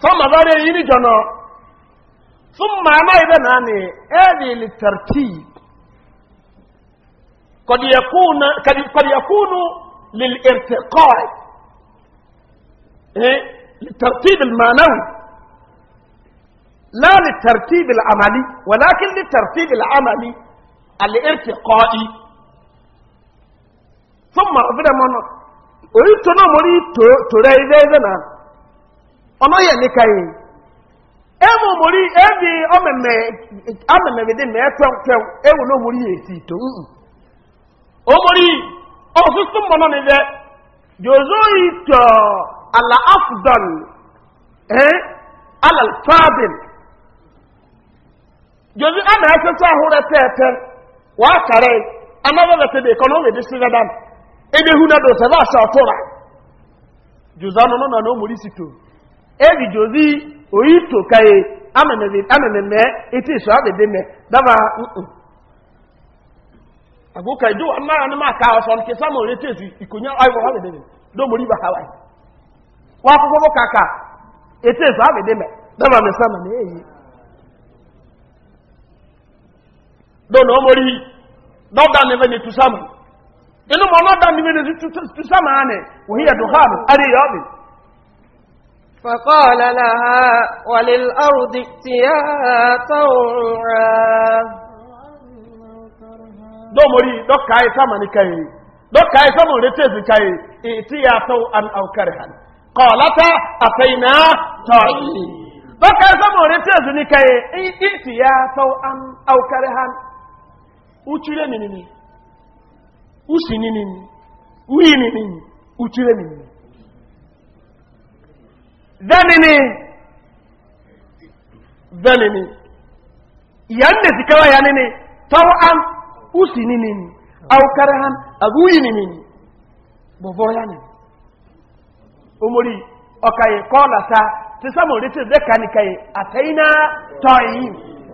sáàmà zanami iníjọ náà fún màmá ibẹ̀ náà ni ẹ̀rí lè tẹ̀rẹ̀tì kọ̀dìyàkúnù lè tẹ̀rẹ̀tì lè tẹ̀rẹ̀tì lè mànáwì لا للترتيب العملي ولكن للترتيب العملي الارتقائي ثم ربنا من ويتنا مري تري ذينا أنا يعني كاي أمو مري أبي أم م أم م بدي ما تون تون أو نو مري يسيتو أو مري أو سيستم منا نجى جوزوي تا على أفضل إيه على الفاضل jozi a na-asịsị ahụ repete wakare amababata da ikọ na o wede sịrị dan ebe hu na dota na asa ọtụra anụ na omori sito ebi jọzi oyi to kaye amememe iti isu abede me daba agbo kai e, do amma an ma nke rete ha daba dọ́nà ọmọrí dọ́dà nífẹ́ ní tùsámù inú mọ̀ lọ́dà nífẹ́ ní tùsámù ánì wòhí ẹ̀dùn hàmù aríyọ́bì فقال لها وللأرض اتياها طوعا دومري دوكا يسامني كاي دوكا يسامو ريتيزي كاي اتيا طوعا او كرها قالت اتينا طوعي دوكا يسامو ريتيزي كاي اتيا طوعا او كرها uchire ni nini usi ni nini ui ni nini uchire ni nini dhanini dhanini yanne zikawa ya nini tawan usi ni nini au karahan agui ni nini bobo ya nini umuri okaye kola sa tisamo liti dheka nikaye ataina toyin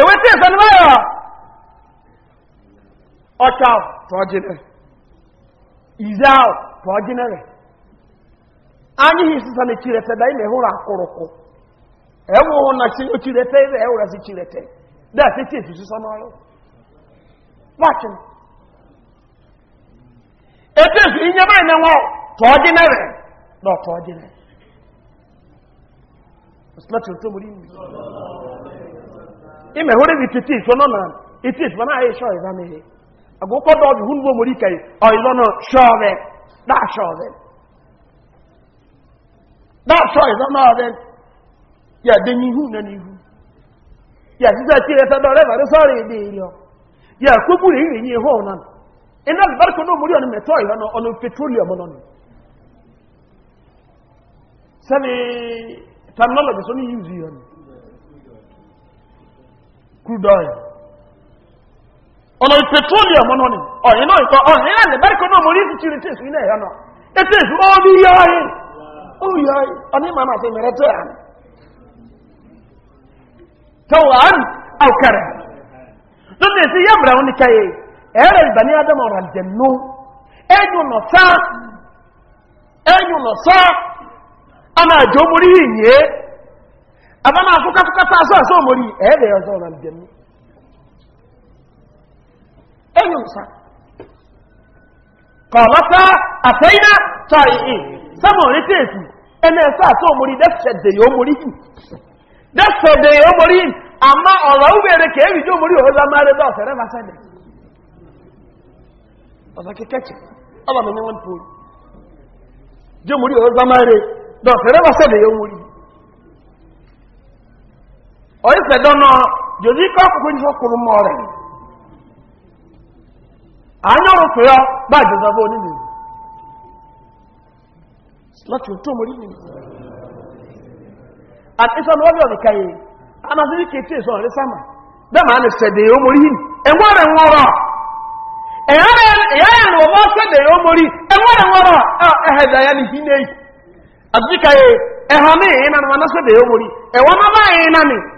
ewete sanwayọ ọcha tọjịnere ize ahụ tọjịnere anyị hi sisa na chirete da ime hụrụ akụrụkụ ewu na chinyo chirete ewura si chirete da si chi esusu sọ n'ọrụ wachin ete esu inye mai na nwa tọjịnere na ime hore bi titi so no na iti so na ayi sho e ba me ago ko do bi hunbo mori kai o ilo no sho be da sho be da sho e ba ma be ya de ni hu na ni hu ya ti sa ti re sa do re ba re so re de ri o ya ko on me petroleum no ni sabi technology so ni use yon crude oil ọ̀nà petroleum ọ̀nà ni ọ̀yìn náà ìkọ̀ ọ̀yìn náà lè bẹ́rẹ̀kọ́ náà mo rí ìfìtì rí tèṣù ilẹ̀ ẹ̀yọ́ náà ètè ìṣù ó ní yọ ayé ó yọ ayé ọ̀ní màmá àti ìmẹ̀rẹ̀ tó yà ní tọ́wọ́ àrùn àwùkẹrẹ̀ lónìí èsì yẹ́ mìíràn wọn ni káyé ẹ̀rẹ̀ ìgbà ní adam ẹ̀yùn nọ̀ ẹ̀yùn nọ̀ abama akokatokata aso aso omori ɛyɛdɛ yɛ ɔsɔ ɔnam dɛm ɛyɛ nsa kɔlɔta afɛyina tɔyi sɛmo ɔrete etu ɛna ɛsɛ aso omori dɛsɛ de yɛ omori him dɛsɛ de yɛ omori him ama ɔlɔ ubere ka ebi de omori ɔhɔ zamare dɛ ɔsɛrɛ ba sɛ dɛ ɔsɛ kɛkɛ kyɛ ɔba mi nyɛ wɔn poli de omori ɔhɔ zamare dɛ ɔsɛrɛ ba sɛ de omori oyi sɛ dɔnɔ jòdì kɔ kókó ní sɔkòrò mɔ rɛ anyɔrò fìyɔ bá jòdì bó ní o tó mo rí nìyí àti sɔmi wọ́n bí ọ̀nì ká yé anasiri kìtì sọ̀rọ̀ ní sáma bẹ́ẹ̀ máa ní sẹ̀dẹ̀ yóò mo rí yìí ẹ̀wọ́n rẹ̀ ń wọ́rọ̀ ẹ̀yà rẹ̀ ń wọ́n ni mi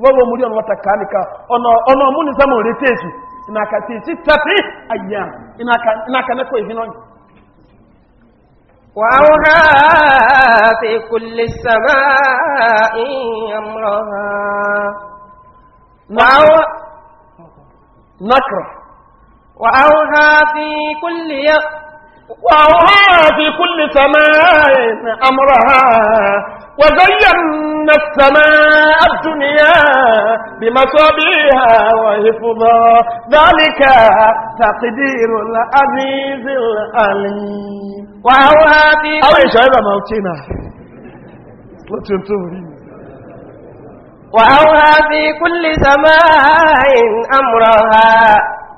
wọ́wọ́ mú rí ọ̀nà wata kàáníkà ọ̀nà ọmú ní sámọ̀ rẹ̀ tẹ́ẹ̀sù ìnàkà tí sí tàbí àyà ìnàkà nẹ́kọ̀ ìhìnà yìí wàhùn fi kùlè sàmà ìyàmọ̀ ha nàkọ̀ wàhùn fi kùlè yàmọ̀ وأوها في كل سماء أمرها وزينا السماء الدنيا بمصابيها وحفظا ذلك تقدير العزيز العليم وأوها في كل موتنا وأوها في كل سماء أمرها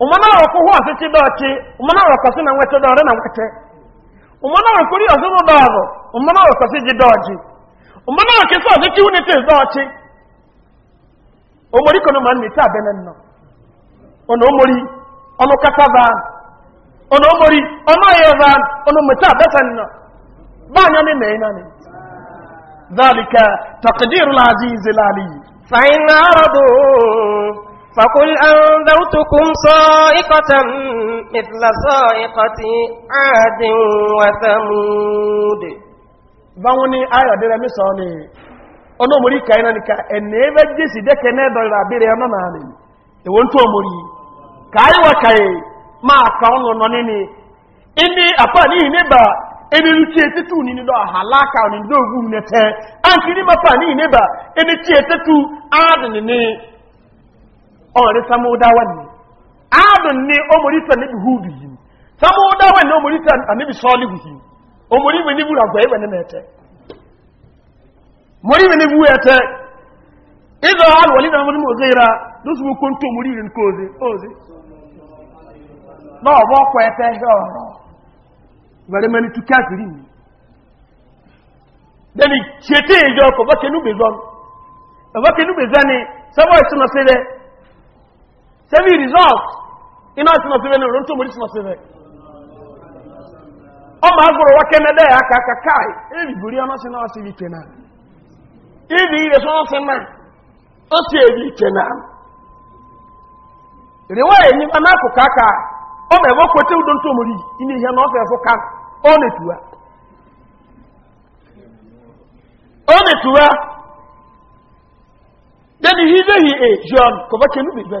umana akwụkwọ huwa sisi dochi umana wako na na nweta umana wako rio sisi dozo umana wako sisi dochi umana wako sisi sisi unite dochi omori kono mani mita benen no ni meina ذلك تقدير العزيز فقل أنذرتكم صائقة مثل صائقة عاد وثمود báwọn ayọ̀ dẹ̀rẹ̀ mi sọ ni ọ̀nà òmòrí kàínà nìka ẹ̀nà ẹ̀fẹ́ jésì dẹ́kẹ̀ náà dọ̀rọ̀ àbẹ̀rẹ̀ ọ̀nà náà ni ìwò ń tó òmòrí kàíwà kàí máa kà ọ́nà ọ̀nà níní ní ìnẹ́bà ebi ni ogun nɛtɛ anki ma pa ọ̀rẹ́ samudawa ni adùn ni omorita níbi hudu yìí samudawa ni omorita níbi sọ́ọ̀lìwù yìí omori mi níbi ràgbà ẹ̀wẹ̀ ní mẹ́tẹ́ mori mi níbi wẹ́tẹ́ ìzọ alwọ̀lì náà mọ́ ní mọ̀ zẹ́ra lóṣù mú kóńtó omori rẹ̀ ní kóòzé óòzé náà ọ̀bọ̀ ọkọ̀ ẹ̀tẹ́ ọ̀rọ̀ ìbẹ̀rẹ̀ mẹ́ni tú káàkiri mi dẹni ṣètè ìjọ ọkọ̀ bọ́kẹ́nú bèzọ́ni ọ̀bọ̀kẹ́nú bèzọ́ni sọ́wọ́ ìsúná sí rẹ̀ sẹ́bí result iná ti mọ̀síwẹ̀ ní ọ̀rọ̀ tó mọ̀rí ti mọ̀síwẹ̀ ọmọ agbòrò wá kẹ́mẹ́dẹ́ àkàkàkà èrì gúrí ọmọ sí náà sí ibi kẹ́nà ibi ilẹ̀ tó wọ́n sí náà ó sì èdè kẹ́nà ríwọ́ na bá náà kò káàkà ọmọ ẹ̀wọ́ kò tí ó dún ini na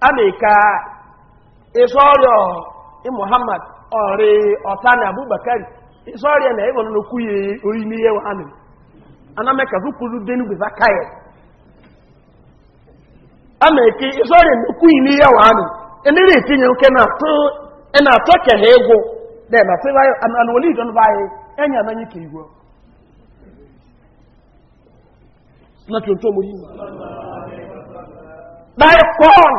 amịka ịsọ ọrịa muhammad ori Otani na abubakar ịsọ ọrịa na ịgọ nnukwu ya oyi n'ihe wa amị anameka zukwuru denu gbeza kaye amịka ịsọ ọrịa nnukwu ya n'ihe wa amị enere etinye nke e na-atụ na-atọ kehe egwu na na-atụ anụwali idon bayi enyi ananyị ka igwe na tuntun mo yi. Báyìí kọ́ ọ̀nà.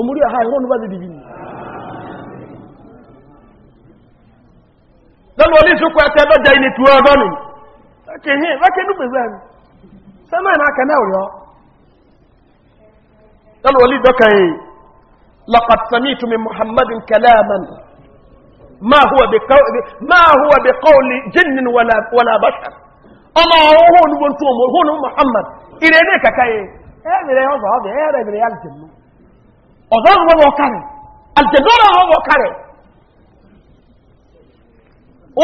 أمري أحاي هون بادي ديبيني لأنه ليس كو أتابع جايني تواباني لكن هين لكن نبي بان سمعنا كناو يا لأنه ليس كو لقد سمعت من محمد كلاما ما هو بقول ما هو بقول جن ولا ولا بشر اما هو نبي هو محمد إلى ذلك كاي هذا يوضع هذا هذا يوضع هذا ọ̀dọ́rùn wọn wọ́n kárẹ̀ àjẹ̀dọ́rọ̀ wọn wọ́n kárẹ̀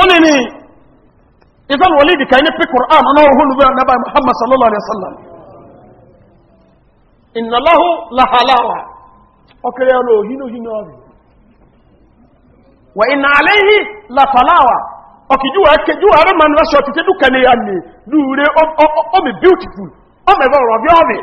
ó ní ní ìfẹ́lú wọlé ìdìkà ní pí kùrán ọ̀nà òhun ọ̀nàbà muhammad sallallahu alaihi wasallam ìnàláhù lahalawa ọkẹrẹ ọ̀nà òhìn òhìn ọ̀rẹ̀ wà ìnà àlẹ́yìn lafalawa ọkìjúwà kẹjúwà rẹ̀ mọ̀ ní wáṣọ̀ títẹ́ dúkẹ́ ní àmì lúure ọmọ beautiful ọmọ ẹ̀rọ ọ̀rọ̀ bí ọ̀rẹ̀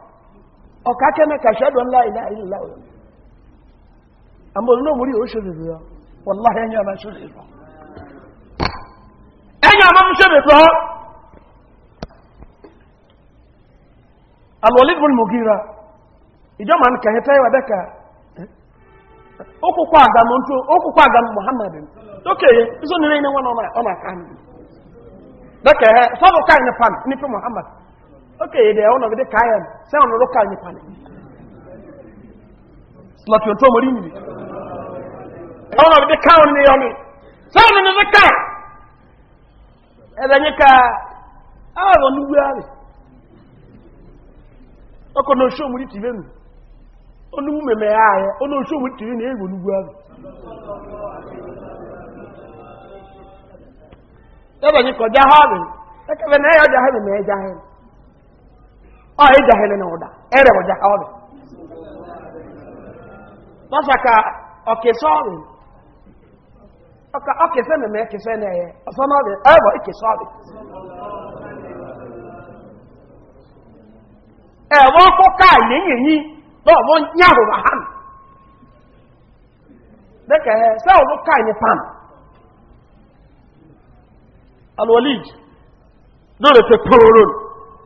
ọ̀ká kẹ́mẹ́ kàṣẹ́dọ̀ ńlá ilá ilá òyìn àmọ́ olóòmùrí ò ṣòrìrì ọ wọ́nlá ẹ̀yìn àmà ṣòrìrì ọ ẹ̀yìn àmà ṣòrìrì ọ alwọlébùn mọ̀gíra ìjọba ní kẹ̀hẹ́tẹ́ ìwà bẹ́ka okùnkùn àgàmù tó okùnkùn àgàmù muhammadu tókè ìsọ́nìrẹ́ iná wọn ọmọ muhammadu okay de ono de kayan se ono lo kan ni pane slot yo to mori ni ono de kaon ni yo ni de ka e da nyika awo nu wiare na no tv nu onu mu meme aye ono tv ni ewo nu wiare Yaba ha jahabi, na ọ ị na ụda ere bụ jaka ọbị ka ọkesa ọbị ọka ọkesa na mee na eye ọsọ e na ọbị ebe ikesa ọbị ẹ̀wọ́ ọkọ́ káà yẹ́yìn yìí lọ́wọ́ pan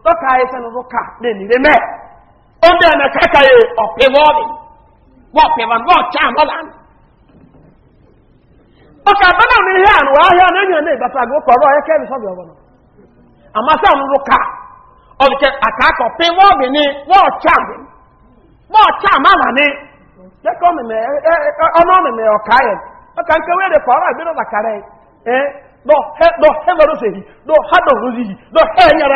lọ́ka ẹsẹ̀ ló ká lè nílé mẹ́ ó dẹ̀ ẹ̀mẹ̀ káka yẹ ọ̀pẹ̀ bọ́ọ̀lì wọ́ọ̀pẹ̀ bá bọ́ọ̀ chá mọ́lá ní. ọkà bẹ́ẹ̀ mi hẹ́ àrùn wáá hẹ́ ọ̀nẹ́yìn ọ̀nẹ́ ìbáta àgbo kọ̀ọ̀rọ̀ ẹ̀ kẹ́rin sọ́bì ọ̀bọ̀n àmọ́ àkàkọ̀ pé ni wọ́ọ̀ mọ́lá mi mẹ́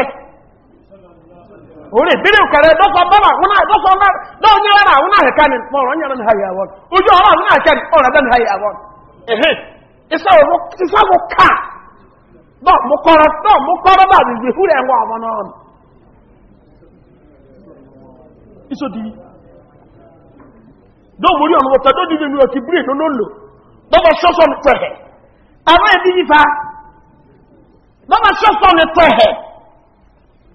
ore bere kare do so baba wona do so na do nyara na wona he kan mo ro nyara na ha ya won ujo ho wona he kan o ra dan ha ya won ehe isa wo isa wo ka di do mo ri on wo ta do di ni o ti bre no ni fa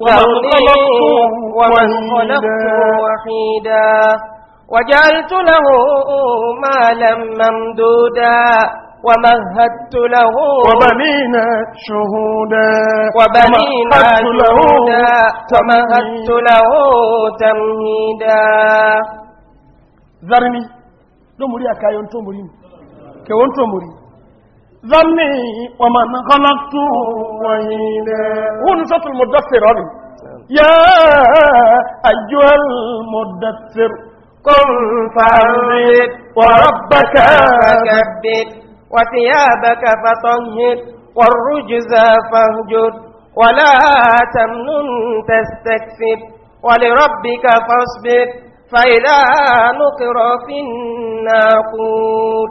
وأنيته وخلقت وحيدا وجعلت له مالا ممدودا ومهدت له وبنينا شهودا وبنينا شهودا ومهدت له تمهيدا ذرني دمري أكايون تمرين كيون تمرين ظني ومن غلقت ويلا هو نشاط المدثر هذه يا أيها المدثر قم فأنذر وربك فكبر وثيابك فطهر والرجز فاهجر ولا تمن تستكثر ولربك فاصبر فإذا نقر في الناقور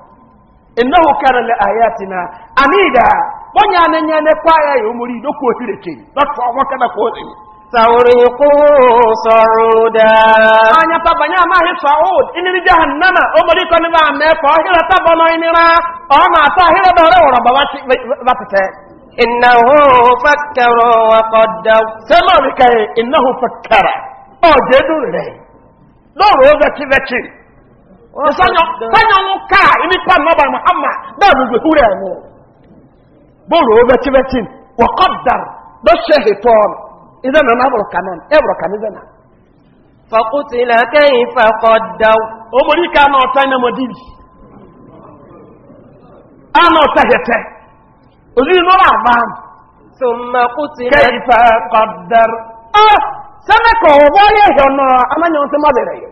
innahu kana li ayatina anida bonya nanya ne kwaya yo muri do ko hireke that for what kana ko ni sawriqu sauda anya pa banya ma he saud inni jahannama o muri ko ni ba me ko hira ta bono inira o ma ta hira do re ora ba ba tete innahu fakkara wa qaddar sama bi innahu fakkara o je do do ro ga ti ve sanyɔ sanyɔnu kaa ibi pa nɔba muhammad bɛɛ lu gbɛhuri ɛmu bóòlù wo bɛtí bɛtí wɔkɔ dar dɔ hyɛ hitɔɔnu ɛdɛ nana abɔrɔ ɛbɔrɔ na. fakutila kẹyìn fakɔdaw. omori ka náà ɔtá ɛnɛ mɔdibi á náà ɔtá hɛtɛ òsì nɔrɔ àbáàm. sọma kutila kẹyìn fakɔdaw. ɔ sɛnɛ kọ̀ wọ́n hɛn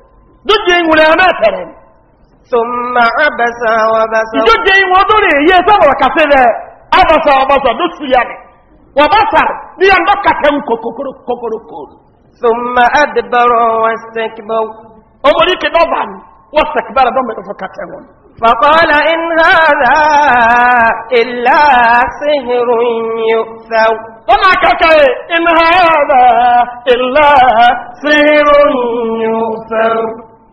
dójé ìwò rẹ̀ mẹ́tẹ̀rẹ̀ sọmọ abẹ́sà ọbẹ́sà ìdójé ìwò ọdún rẹ̀ yẹ sọ́rọ̀ kàfẹ́ rẹ̀ abẹ́sà ọbẹ́sà ló sùn yàrá wọ́n bá sà ní ọdún kàfẹ́ ń kòkòrò kòkòrò kòrò. sọmọ adìbọrọ wọn sẹkibọ. ọmọ ní kìnnà bá mi wọn sẹkibọ rẹ dọ́mọdé fún kàfẹ́ wọn. فقال إن هذا إلا سهر يؤثر وما كفى إن هذا إلا سهر يؤثر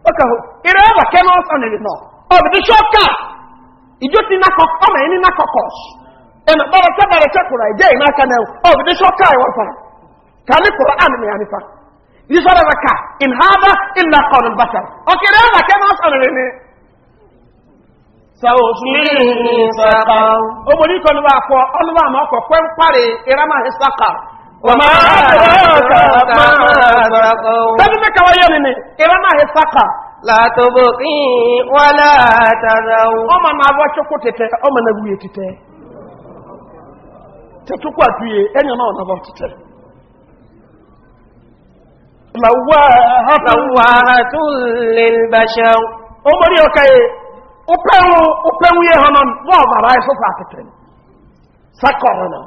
Okay, came Oh, the hù eré ẹwà kẹ́nà ọ̀sán nìyí nọ ọ̀bìdì ṣọ́ọ̀kà ìjọ ti nakọ ọmọ ẹni nakọ kọ̀ọ̀s ẹnà bọ̀rọ̀ tẹ́ bọ̀rọ̀ tẹ́ kura ìjẹ́ ìmọ̀ aka náà ọ̀bìdì ṣọ́ọ̀kà ìwọ̀ fà kàní kura àmì ní ànífà yìí sọ̀rọ̀ the car in haba illa kọ̀ọ̀nù bàtà ọkà eré ẹwà kẹ́nà ọ̀sán nìyí ni. sàwùsùn wàmà àdúrà látòbò kí wọ́n látàrà ohun ọmọ náà bọ́ ṣokó tẹ́tẹ́ ọmọ náà wúye tẹ́tẹ́ tẹ́tùkú àtúyẹ ẹ̀yàn náà náà bọ́ tẹ́tẹ́ làwáhàtún lè bàṣẹ́ ọmọ rí ọkà yẹ ọpẹ́wú yẹ hàn náà bọ́ọ̀ bàrá ẹ̀ sọ́fà tẹ́tẹ́ sákọ̀ọ̀rọ̀ náà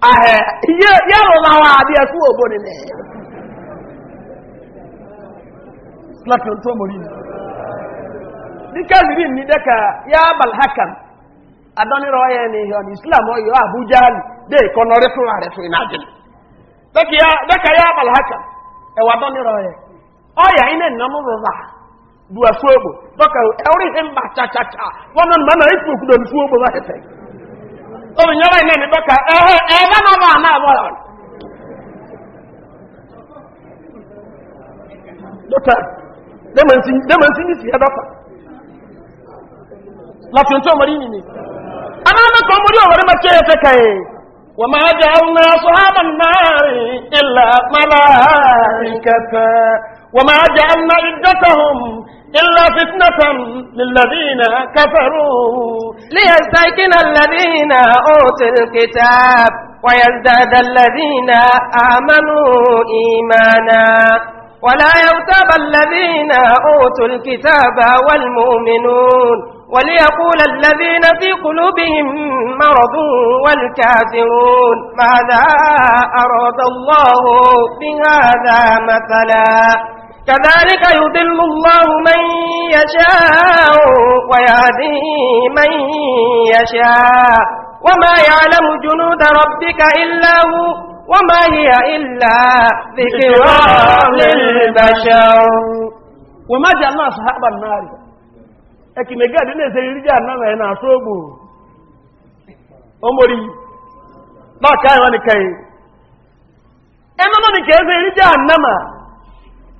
ahịa ya ya wà àbí ẹkú òbò nílẹ̀ láti ohun tó mọ̀rí ní ní kẹ́sìrí ní ya yá balhakan adọ́nirọ̀ ọhịa ni ọ̀nà islam ọ̀yọ́ abuja ni dé ìkọ́nà na fún ààrẹ ya ìnájẹ́lẹ̀ dẹ́ka yá balhakan ẹ̀wà adọ́nirọ̀ ọ̀yẹ́ ọ̀yà iná ìnáwó cha cha ọmọ ìyọ́rọ̀ iná ní bọ́kà ẹ̀ẹ́bá máa bá àmà àbọ̀ rẹ̀ dókà sí ní ìsìyẹ́ tó mọ̀rí yìí ni a máa mẹ́kọ̀ọ́ mọ̀rí ọ̀rẹ́ mẹ́kẹ́ ẹ̀fẹ́ kàyẹ̀ wọ́n máa jẹ́ àwọn ọ̀sọ́ وما جعلنا عدتهم إلا فتنة للذين كفروا ليستيقن الذين أوتوا الكتاب ويزداد الذين آمنوا إيمانا ولا يغتاب الذين أوتوا الكتاب والمؤمنون وليقول الذين في قلوبهم مرض والكافرون ماذا أراد الله بهذا مثلا كذلك يضل الله من يشاء ويهدي من يشاء وما يعلم جنود ربك إلا هو وما هي إلا ذكرى للبشر وما جعلنا أصحاب النار أكي مجال إنه سيرجع نما هنا أصوبه أمري ما كان ونكي إنه نكي سيرجع نما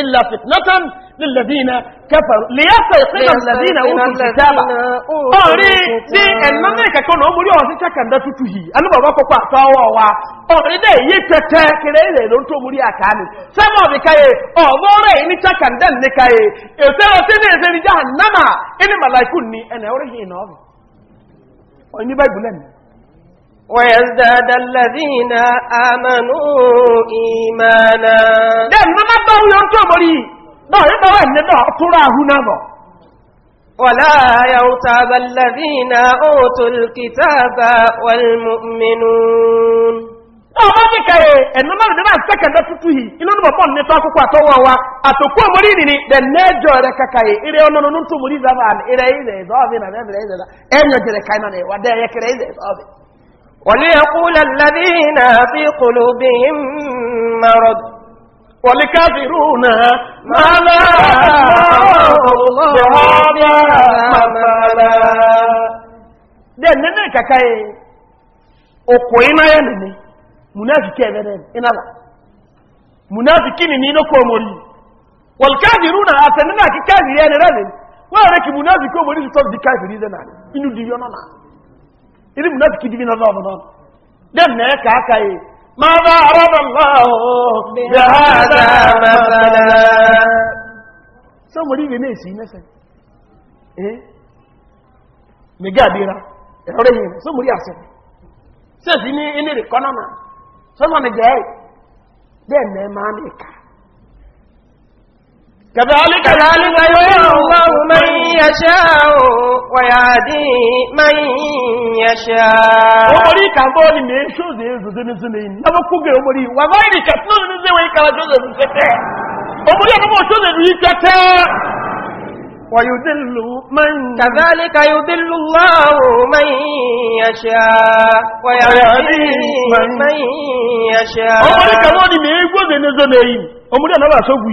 إلا فتنة للذين كفروا ليستيقن الذين أوتوا الكتاب أوري دي المملكة كون أموري أوزي تكن دا تتوهي أنا بابا كوكوا أتوا وا أوري دي يتتا كده إلي لون توموري أكاني سمو بكاي أوري إني تكن دن نكاي يتلو تيني زي جهنم إني ملايكوني أنا أوري هنا أوري أوري بايبولاني ويزداد الذين آمنوا إيمانا دم ما باو يوم مري باو يباو ان دو ترى هنا ولا يرتاب الذين أوتوا الكتاب والمؤمنون ọmọ ní kẹrẹ ẹ̀nà mọ́rin náà sẹ́kẹ̀ndà tútù yìí inú ní bọ̀bọ̀ ní akókò àtọwọ́ wa àtòkú òmòrí nìní the nature rẹ̀ kàkàyè ìrẹ́ ọ̀nà nínú tó mòrí zaba ìrẹ́ ilẹ̀ ìzọ́ọ̀bì náà ẹ̀yàn jẹrẹ ìzọ́ọ̀bì وليقول الذين في قلوبهم مرض والكافرون ما لا بهذا مثلا لأن هناك كاي أقوينا يمني منافق يبنين إن الله منافقين نينو كومولي والكافرون أتننا كافر يعني رجل وأنا كمنافق كومولي تصدق كافر إذا نعلم إنو ديونا نعلم iri munafiki dibi na zaba na dem na ka aka yi ma za arada allah bi hada masala so wori be na si na sai eh me ga bira e ore yin so muri ase se fi ni ini re kono na so so ne je dem na ma me ka كذلك كذلك يرى الله من يشاء ويهدي من يشاء omori ka bo ni me so ze zo ni zo ni na ku ge omori wa ba ri ka so ni ze wa ka zo zo ni tete omori ka bo so ze ni tete ويذل من كذلك يذل الله من يشاء ويهدي من يشاء omori ka bo ni me go ze ni zo ni omori na ba so gu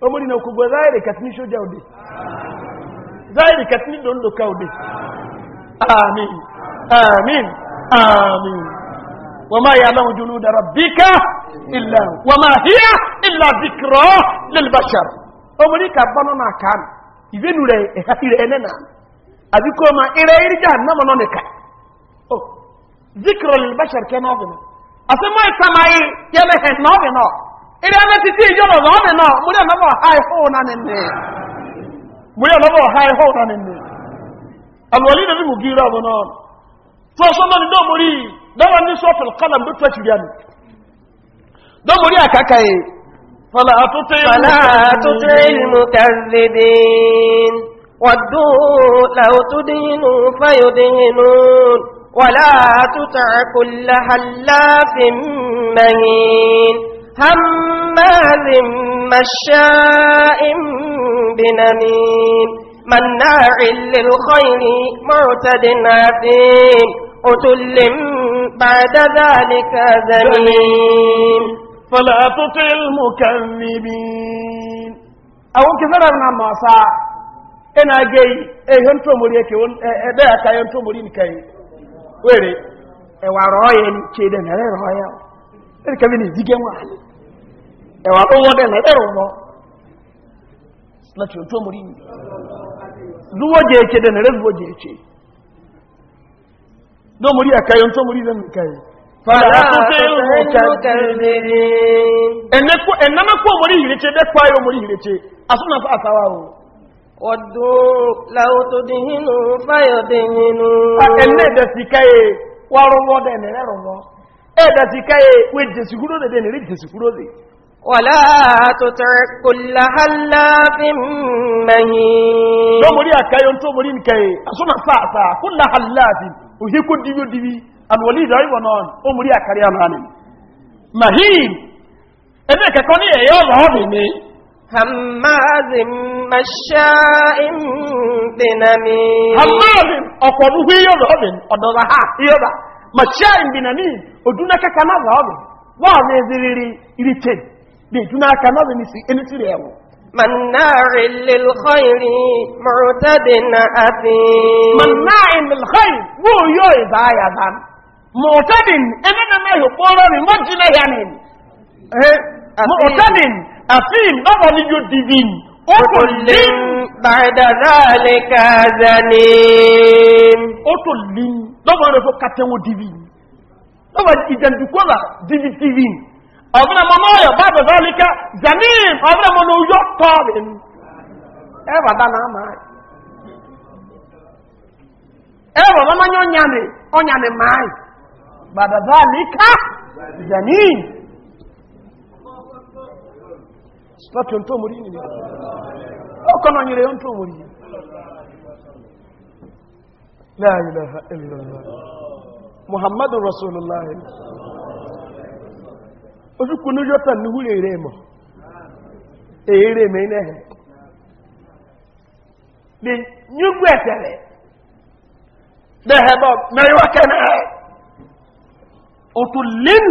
omori na okugbo zaire katini soja ode zaire katini dondoka ode amin amin amin wama ya'lamu junuda rabbika illa wama hiya illa dhikra lil bashar omori ka bano na kan ibenu re ire enena abiko ma ire irja na mo ne ka oh dhikra lil bashar kana bana asema samai yana hen no ilé ẹni títí ìjọba ọ̀nà náà mú lè lọ́wọ́ ọ̀há ihò náà nìní mú lè lọ́wọ́ ọ̀há ihò náà nìní alùwàlí ìdẹ́bí mú gírí ọ̀bọ̀ náà tó ọ̀sọ́ náà ni dọ́mọ̀rí dáwọn ní sọ́fẹ̀l kọ́làm bí pẹ̀tù rí àmì dọ́mọ̀rí àkàkà yìí fọlá àtútẹ́ ìlú kẹrìndín wàdú làwùtúdínú fáyọdínú wàlá àtútà kùlà hàlá fìmẹ́yìn هماز مشاء بنميم مناع للخير معتد عظيم عتل بعد ذلك زميم فلا تطع المكذبين أو كثر من المعصى ina gai eh yanto muri yake won eh da aka yanto muri ni kai were e wa roye ni ce da na roye ka bi ni jigen wa ẹ̀wà ló wọ́n dẹ̀mẹ̀ ẹ̀rọ mọ́ láti ojú ọmọ rí lúwọ́ jẹ́ ẹ̀kẹ́ dẹ̀nà rẹ̀ lúwọ́ jẹ́ ẹ̀kẹ́ ló mú rí ẹ̀kẹ́ yóò tó mú rí lẹ́nu ìkẹ́ ẹ̀nẹ́mẹ́kọ́ mọ̀rí ìrẹ́tẹ́ dẹ́kọ́ ayọ́ mọ̀rí ìrẹ́tẹ́ asúnàfà àtàwà o ọdún láwọ́ tó dín nínú fáyọ̀ dín nínú ẹ̀nẹ́ẹ̀dẹ̀ sí káyẹ wárọ́wọ́dẹ̀ ẹ̀nẹ́rẹ̀ rọ̀ lọ ẹ̀ẹ̀dẹ̀ sí wàlá tuntun kùlá halláfin mahin. ló mori àkáyọ tó mori eh, nìkan yìí asúnà sáàsà kùlá halláfin òhì kò dìbò dìbì alwọlé ìdọ̀ ìwọ̀n náà ó mori àkárí àmàlẹ̀. mahin ẹgbẹ́ kẹ́kọ́ ní ẹ̀yọ́ ọ̀rọ̀ ọ̀dẹ̀ mi. hamazin mashain binami. hamazin ha iyọ̀ bí ìtúná aka náà ní sí ẹni tí rẹ̀ ẹ̀wọ̀. mannáàrí lèlùkọ́ìrì mọ̀rọ̀tẹ́dì na àti. mannáàrí lèlùkọ́ìrì wó yóò ìbá àyàbá mọ̀rọ̀tẹ́dì ẹni nínú ìyòpó rọrùn mọ́ jìnnà yà ní. mọ̀rọ̀tẹ́dì àti ìbábọ̀ ní yóò dìbì ó tó lọ́wọ́ rẹ̀ fọ́ kàtẹ́wọ́ dìbì lọ́wọ́ ìjẹ̀ndùkọ́là dìbì dìbì ọ̀bùnà mọ̀ náà yọ̀ bábẹ̀ zọ́líkẹ́ zanin ọ̀bùnà mọ̀ náà yọ̀ tọ́ọ̀bì ní ẹwà bá náà máa ẹwà bá náà yọ̀ ní ọ̀nyàní máa bàbẹ̀ zọ́líkẹ́ zanin spọ́tù tó mú rí nìyẹn ó kọ́ náà nyere tó mú rí láàrín ojúkú ní yọ́ta ní húrè rẹ̀ mọ̀ èèrè mẹ́rin ẹ̀hẹ̀ lè nyúgbù ẹ̀tẹ̀rẹ̀ bẹ́ẹ̀bọ̀ mẹ́ríwákẹ́ náà òtù lẹ́n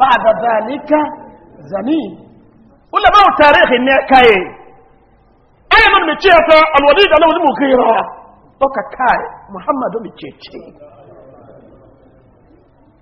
bá dàdà níká zani ó lẹ́bá ò tààrí ẹ̀hẹ̀ ní ẹ̀ka ẹ̀ ẹ̀yẹ mọ́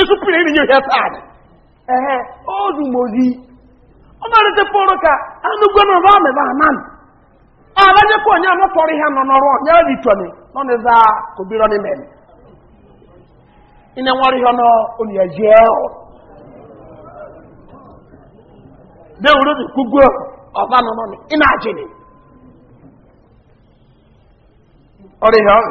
isu pili ni ehe ozu oh, mozi ọ na mebe onye anọ ihe nọ n'ọrụ onye obi tọni nọ n'ịza kobiro ihe nọ onu ya ji ọrụ de wuru bi kugbo ọba nọ n'ọnụ ina ọrụ ihe ọrụ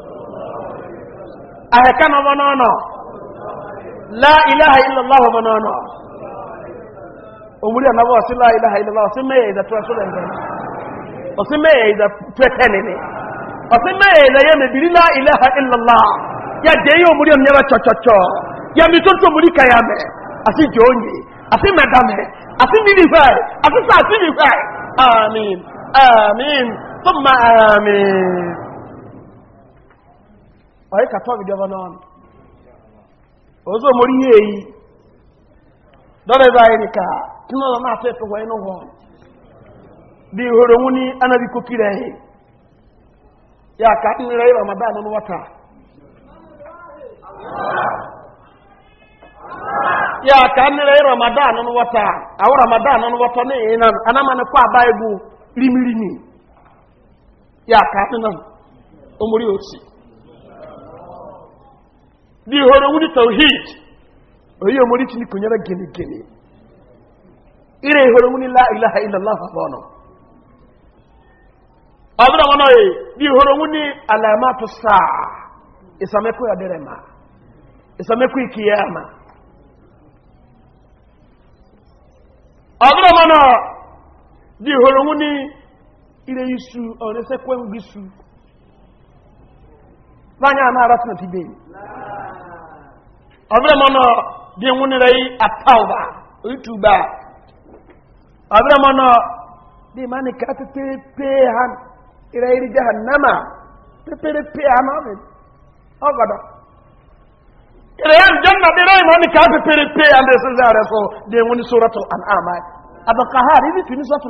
ahekana manana la ilaha illallah manana omuri anabo wasi la ilaha illallah wasi meye iza tuwasule nzana wasi meye iza tuwetenene wasi meye iza yeme bili la ilaha illallah ya jeyo omuri anyaba chochocho ya mitonto omuri kayame asi jonye asi medame asi nilifai asi sa ọ̀yí kàtọ́ ìdí ọba náà ozu omori ihe eyi dọ́rọ̀ ebe anyị ka nínú ọ̀nà àti ẹ̀fẹ̀wọ̀ na wọn ihoro ya ka nrẹ̀ ịrọ̀ ma báyìí ya ka nrẹ̀ ịrọ̀ ma báyìí n'ụwa taa ma na ịyị nan ibu rimirimi ya ka dihoro wuri tauhid oyo muri kini kunyara gini gini ire ihoro wuri la ilaha illallah bono abura wono e dihoro wuri alamatu saa isameko ya derema isameko ikiyama abura wono dihoro wuri ire isu onese kwen bisu Lanya na aratina tibeni. ọbẹ̀rẹ̀ dị náà bí i wúnira yí àtàwà orítùgbà ọbẹ̀rẹ̀ mọ́ náà bí i máa ní ha ìrẹ́ irí ha náà bẹ̀ ọgọ̀dọ̀ ìrẹ́ yẹn na nà bí rẹ́ máa ní ha ní ha ma ní tùní sọ́tù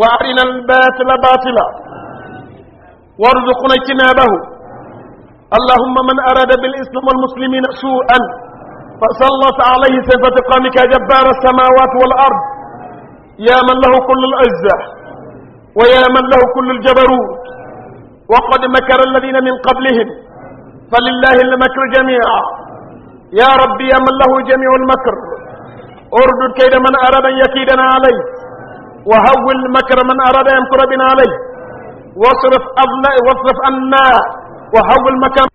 وارنا الباطل باطلا وارزقنا اجتنابه اللهم من اراد بالاسلام والمسلمين سوءا فسلط عليه سيف تقامك جبار السماوات والارض يا من له كل العزه ويا من له كل الجبروت وقد مكر الذين من قبلهم فلله المكر جميعا يا ربي يا من له جميع المكر اردد كيد من اراد ان يكيدنا عليه وهول مكر من أراد يمكر بنا عليه واصرف أضلاء واصرف أنا وهول مكر